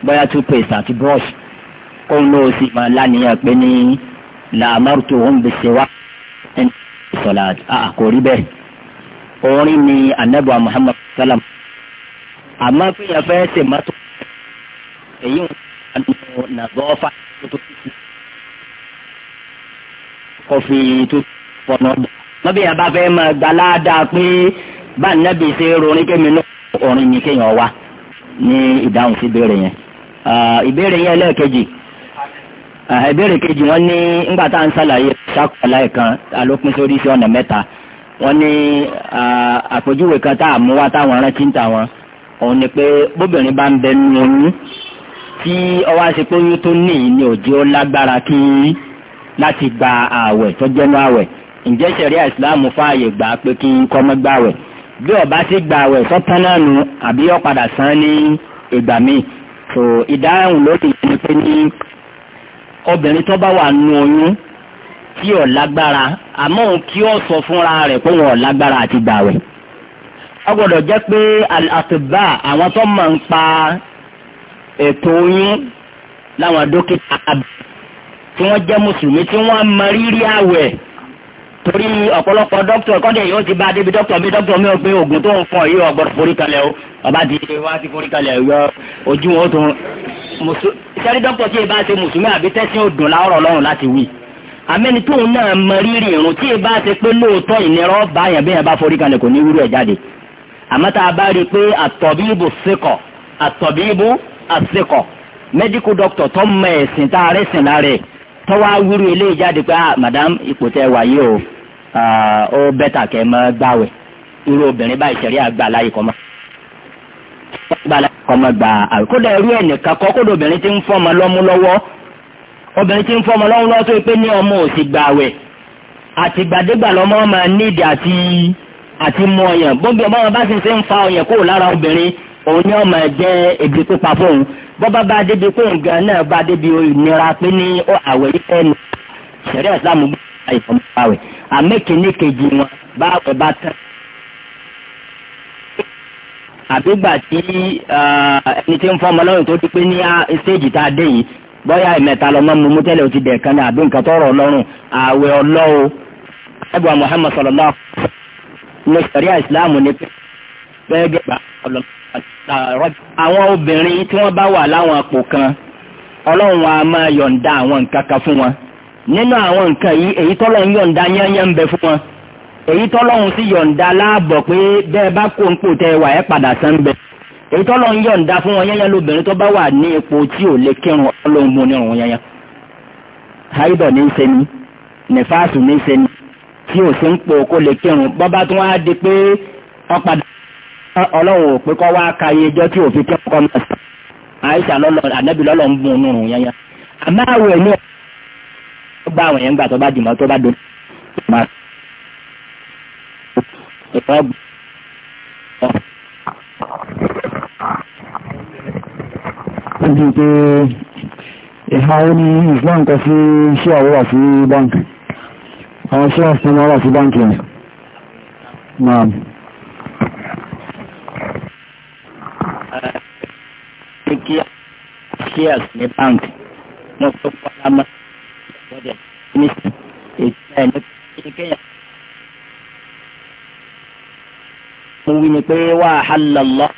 bóyá toothpaste àti brush kó ń lọ sí ma lánìyàn pé ní làmárùtò òun bè ṣe wá ẹni sọlá kò rí bẹ́ẹ̀ orin ni anabuwa muhammad salam àmọ́ fìyà fẹ́ ṣèmọ́tò èyí ń sọ nàgọ́fà tó tó kìí kó fi tó fọ̀nà bọ̀. wọ́n bí yẹn bá fẹ́ máa gbà ládàá pé bá nẹ́bí ṣe rorin kémi náà orin ni kéèyàn wá ní ìdáhùn sí ìbéèrè yẹn. ìbéèrè yẹn lẹ́ẹ̀kejì ìbéèrè kejì wọ́n ní ńgbà tá à ń ṣàlàyé ṣàkọọ́lá ẹ̀kan alópin sórí sí ọ̀nà mẹ́ta wọ́n ní àpèjúwe kan tá à mú wá táwọn rántí ń tà wọn òun ni pé bóbìnrin bá ń bẹ nínú oyún tí ọwọ́ àṣepé oyún tó ní ní òjò lágbára kí láti gba ààwẹ̀ tó jẹ́nu ààwẹ̀ ǹjẹ́ sẹ̀ríà ìsìláàmù fààyè gbà pé kí kọ́mọ́ gbà wẹ̀ bí ọba ti gba ààwẹ̀ sọ́tán náà nù àbí ó san ní ìgbà míì so ìdáhùn lórí ìyẹn pé ní obìnrin tó bá wà nù oyún tí ò lágbára àmọ́ òun kí ó sọ fúnra rẹ̀ pé wọn ò lágbára àti gbà wẹ̀ ó gbọ́dọ̀ jẹ́ pé àtìbá àwọn tó mọ̀ ń pa ètò oyún láwọn dókítà abẹ́ tí wọ́n jẹ́ mùsùlùmí tí wọ́n mọ rírì àwẹ̀ torí ọ̀pọ̀lọpọ̀ dókítà kọ́dẹ̀ yóò ti bá débi dókítà bí dókítà mi ò pé oògùn tó ń fọ yìí ọgbọ́dọ̀ forí kalẹ̀ o ọba ti wá sí forí kalẹ̀ yọ ojú wọn tó sẹ́rí dókítà tí ìbá ṣe mùsùlùmí àbí tẹ́sí òdùn láọ̀rọ̀ lọ́rùn láti wí àmẹ́ni tóun náà mọ rírì irun tí ìbá ṣe pé lóòótọ́ ìnira ọba yẹn bẹ́ẹ̀ bá forí kalẹ̀ kò ní wúrú ẹ̀ jáde àmọ́ tá a bá rí i pé àtọ̀bíbù síkọ̀ àtọ̀bíbù tó mọ ẹ̀sìn tá a rẹ́sìn lára ẹ̀ tọ́wọ́ awúrú eléyìí jáde pé ah madam ipò tẹ́ wà yìí o ah, ó bẹ́tà kẹ́ mọ́ gbàwẹ̀ irú obìnrin báyìí ṣẹ̀rí àgbà láyé kọ́ mọ́ gbà láyé kọ́ mọ́ gbà àwẹ̀ kódà irú ẹnìkan kọ́ kódà obìnrin ti ń fọ́mọ lọ́mú lọ́wọ́ obìnrin ti ń fọ́mọ lọ́mú lọ́wọ́ tó pé ní ọmọ ò sì gbàwẹ̀ àtìgbàdégbà lọ́mọ ọmọ nídìí àti àti mú ọyàn bóbi ọmọ ọmọ bá sì ń fa ọyàn kúrò lára obìnrin òun ni ọmọ jẹ́ ebi pípa fóun bọ́bá bá débi pé nǹkan náà bá débi ìnira pé ní àwẹ̀ ìfẹ́ ni ṣẹ̀rí ìsìlámù gbé àìfọ̀mọ́pàwẹ̀ àmẹ́kìíní kejì wọn bá àwẹ̀ bá tán. àbígbà tí ẹni tí ń fọmọ lọ́rùn tó ti pé ní stéèjì tá a dé yìí bóyá ìmẹ̀ta lọ́mọ mímú tẹ́lẹ̀ ó ti dẹ̀ kan ní àbí nǹkan tọrọ ọlọ́run àwẹ̀ ọlọ́wọ́ ẹ̀bùn Muhammad sallallahu alaihi wasallam ní ṣẹ̀rí ìsìlámù ní pé bẹ́ẹ̀ gẹ̀gbà àwọn obìnrin tí wọ́n bá wà láwọn àpò kan ọlọ́run a máa yọ̀ǹda àwọn nǹkan kan fún wọn nínú àwọn nǹkan yìí èyí tọ́lọ́run yọ̀ǹda yányán ń bẹ fún wọn èyí tọ́lọ́run sì yọ̀ǹda láàbọ̀ pé bẹ́ẹ̀ bá kó ń pò tẹ wà ẹ́ padà sán bẹ èyí tọ́lọ́run yọ̀ǹda fún wọn yányán lóbìnrin tó bá wà ní ipò tí ò lè kírun ọlọ́run mú nírun yányán haidọ̀ ní í ṣe ni nífàásù ní í ṣe ni tí ò sí ń pò kó lè kírun bọ́ bá tún wá di pé wọ́n padà ọlọ́run ò pé kọ́ wá ka iye ẹjọ́ tí òfin tí ọkọ máa sọ àìsàn lọ́lọ́ ànábì lọ́lọ́ ń bùn nùrùn yẹn yẹn àmọ́ àwọn ẹ̀mí ọ̀gbà àwọn yẹn ń gbà tó bá dìmọ̀ tó bá dùn ojú pé ìhà ó ní Islam kan sí iṣẹ́ àwọn wà sí báńkì àwọn iṣẹ́ àṣìṣẹ́ wà sí báńkì yẹn ṣe kí shares ní báńkì wọn tó fọlá mọ ìgbọ́dẹ̀ nísìn ètò ẹ̀ ní kéèyàn. mo wí ni pé wàhálà lọ́wọ́.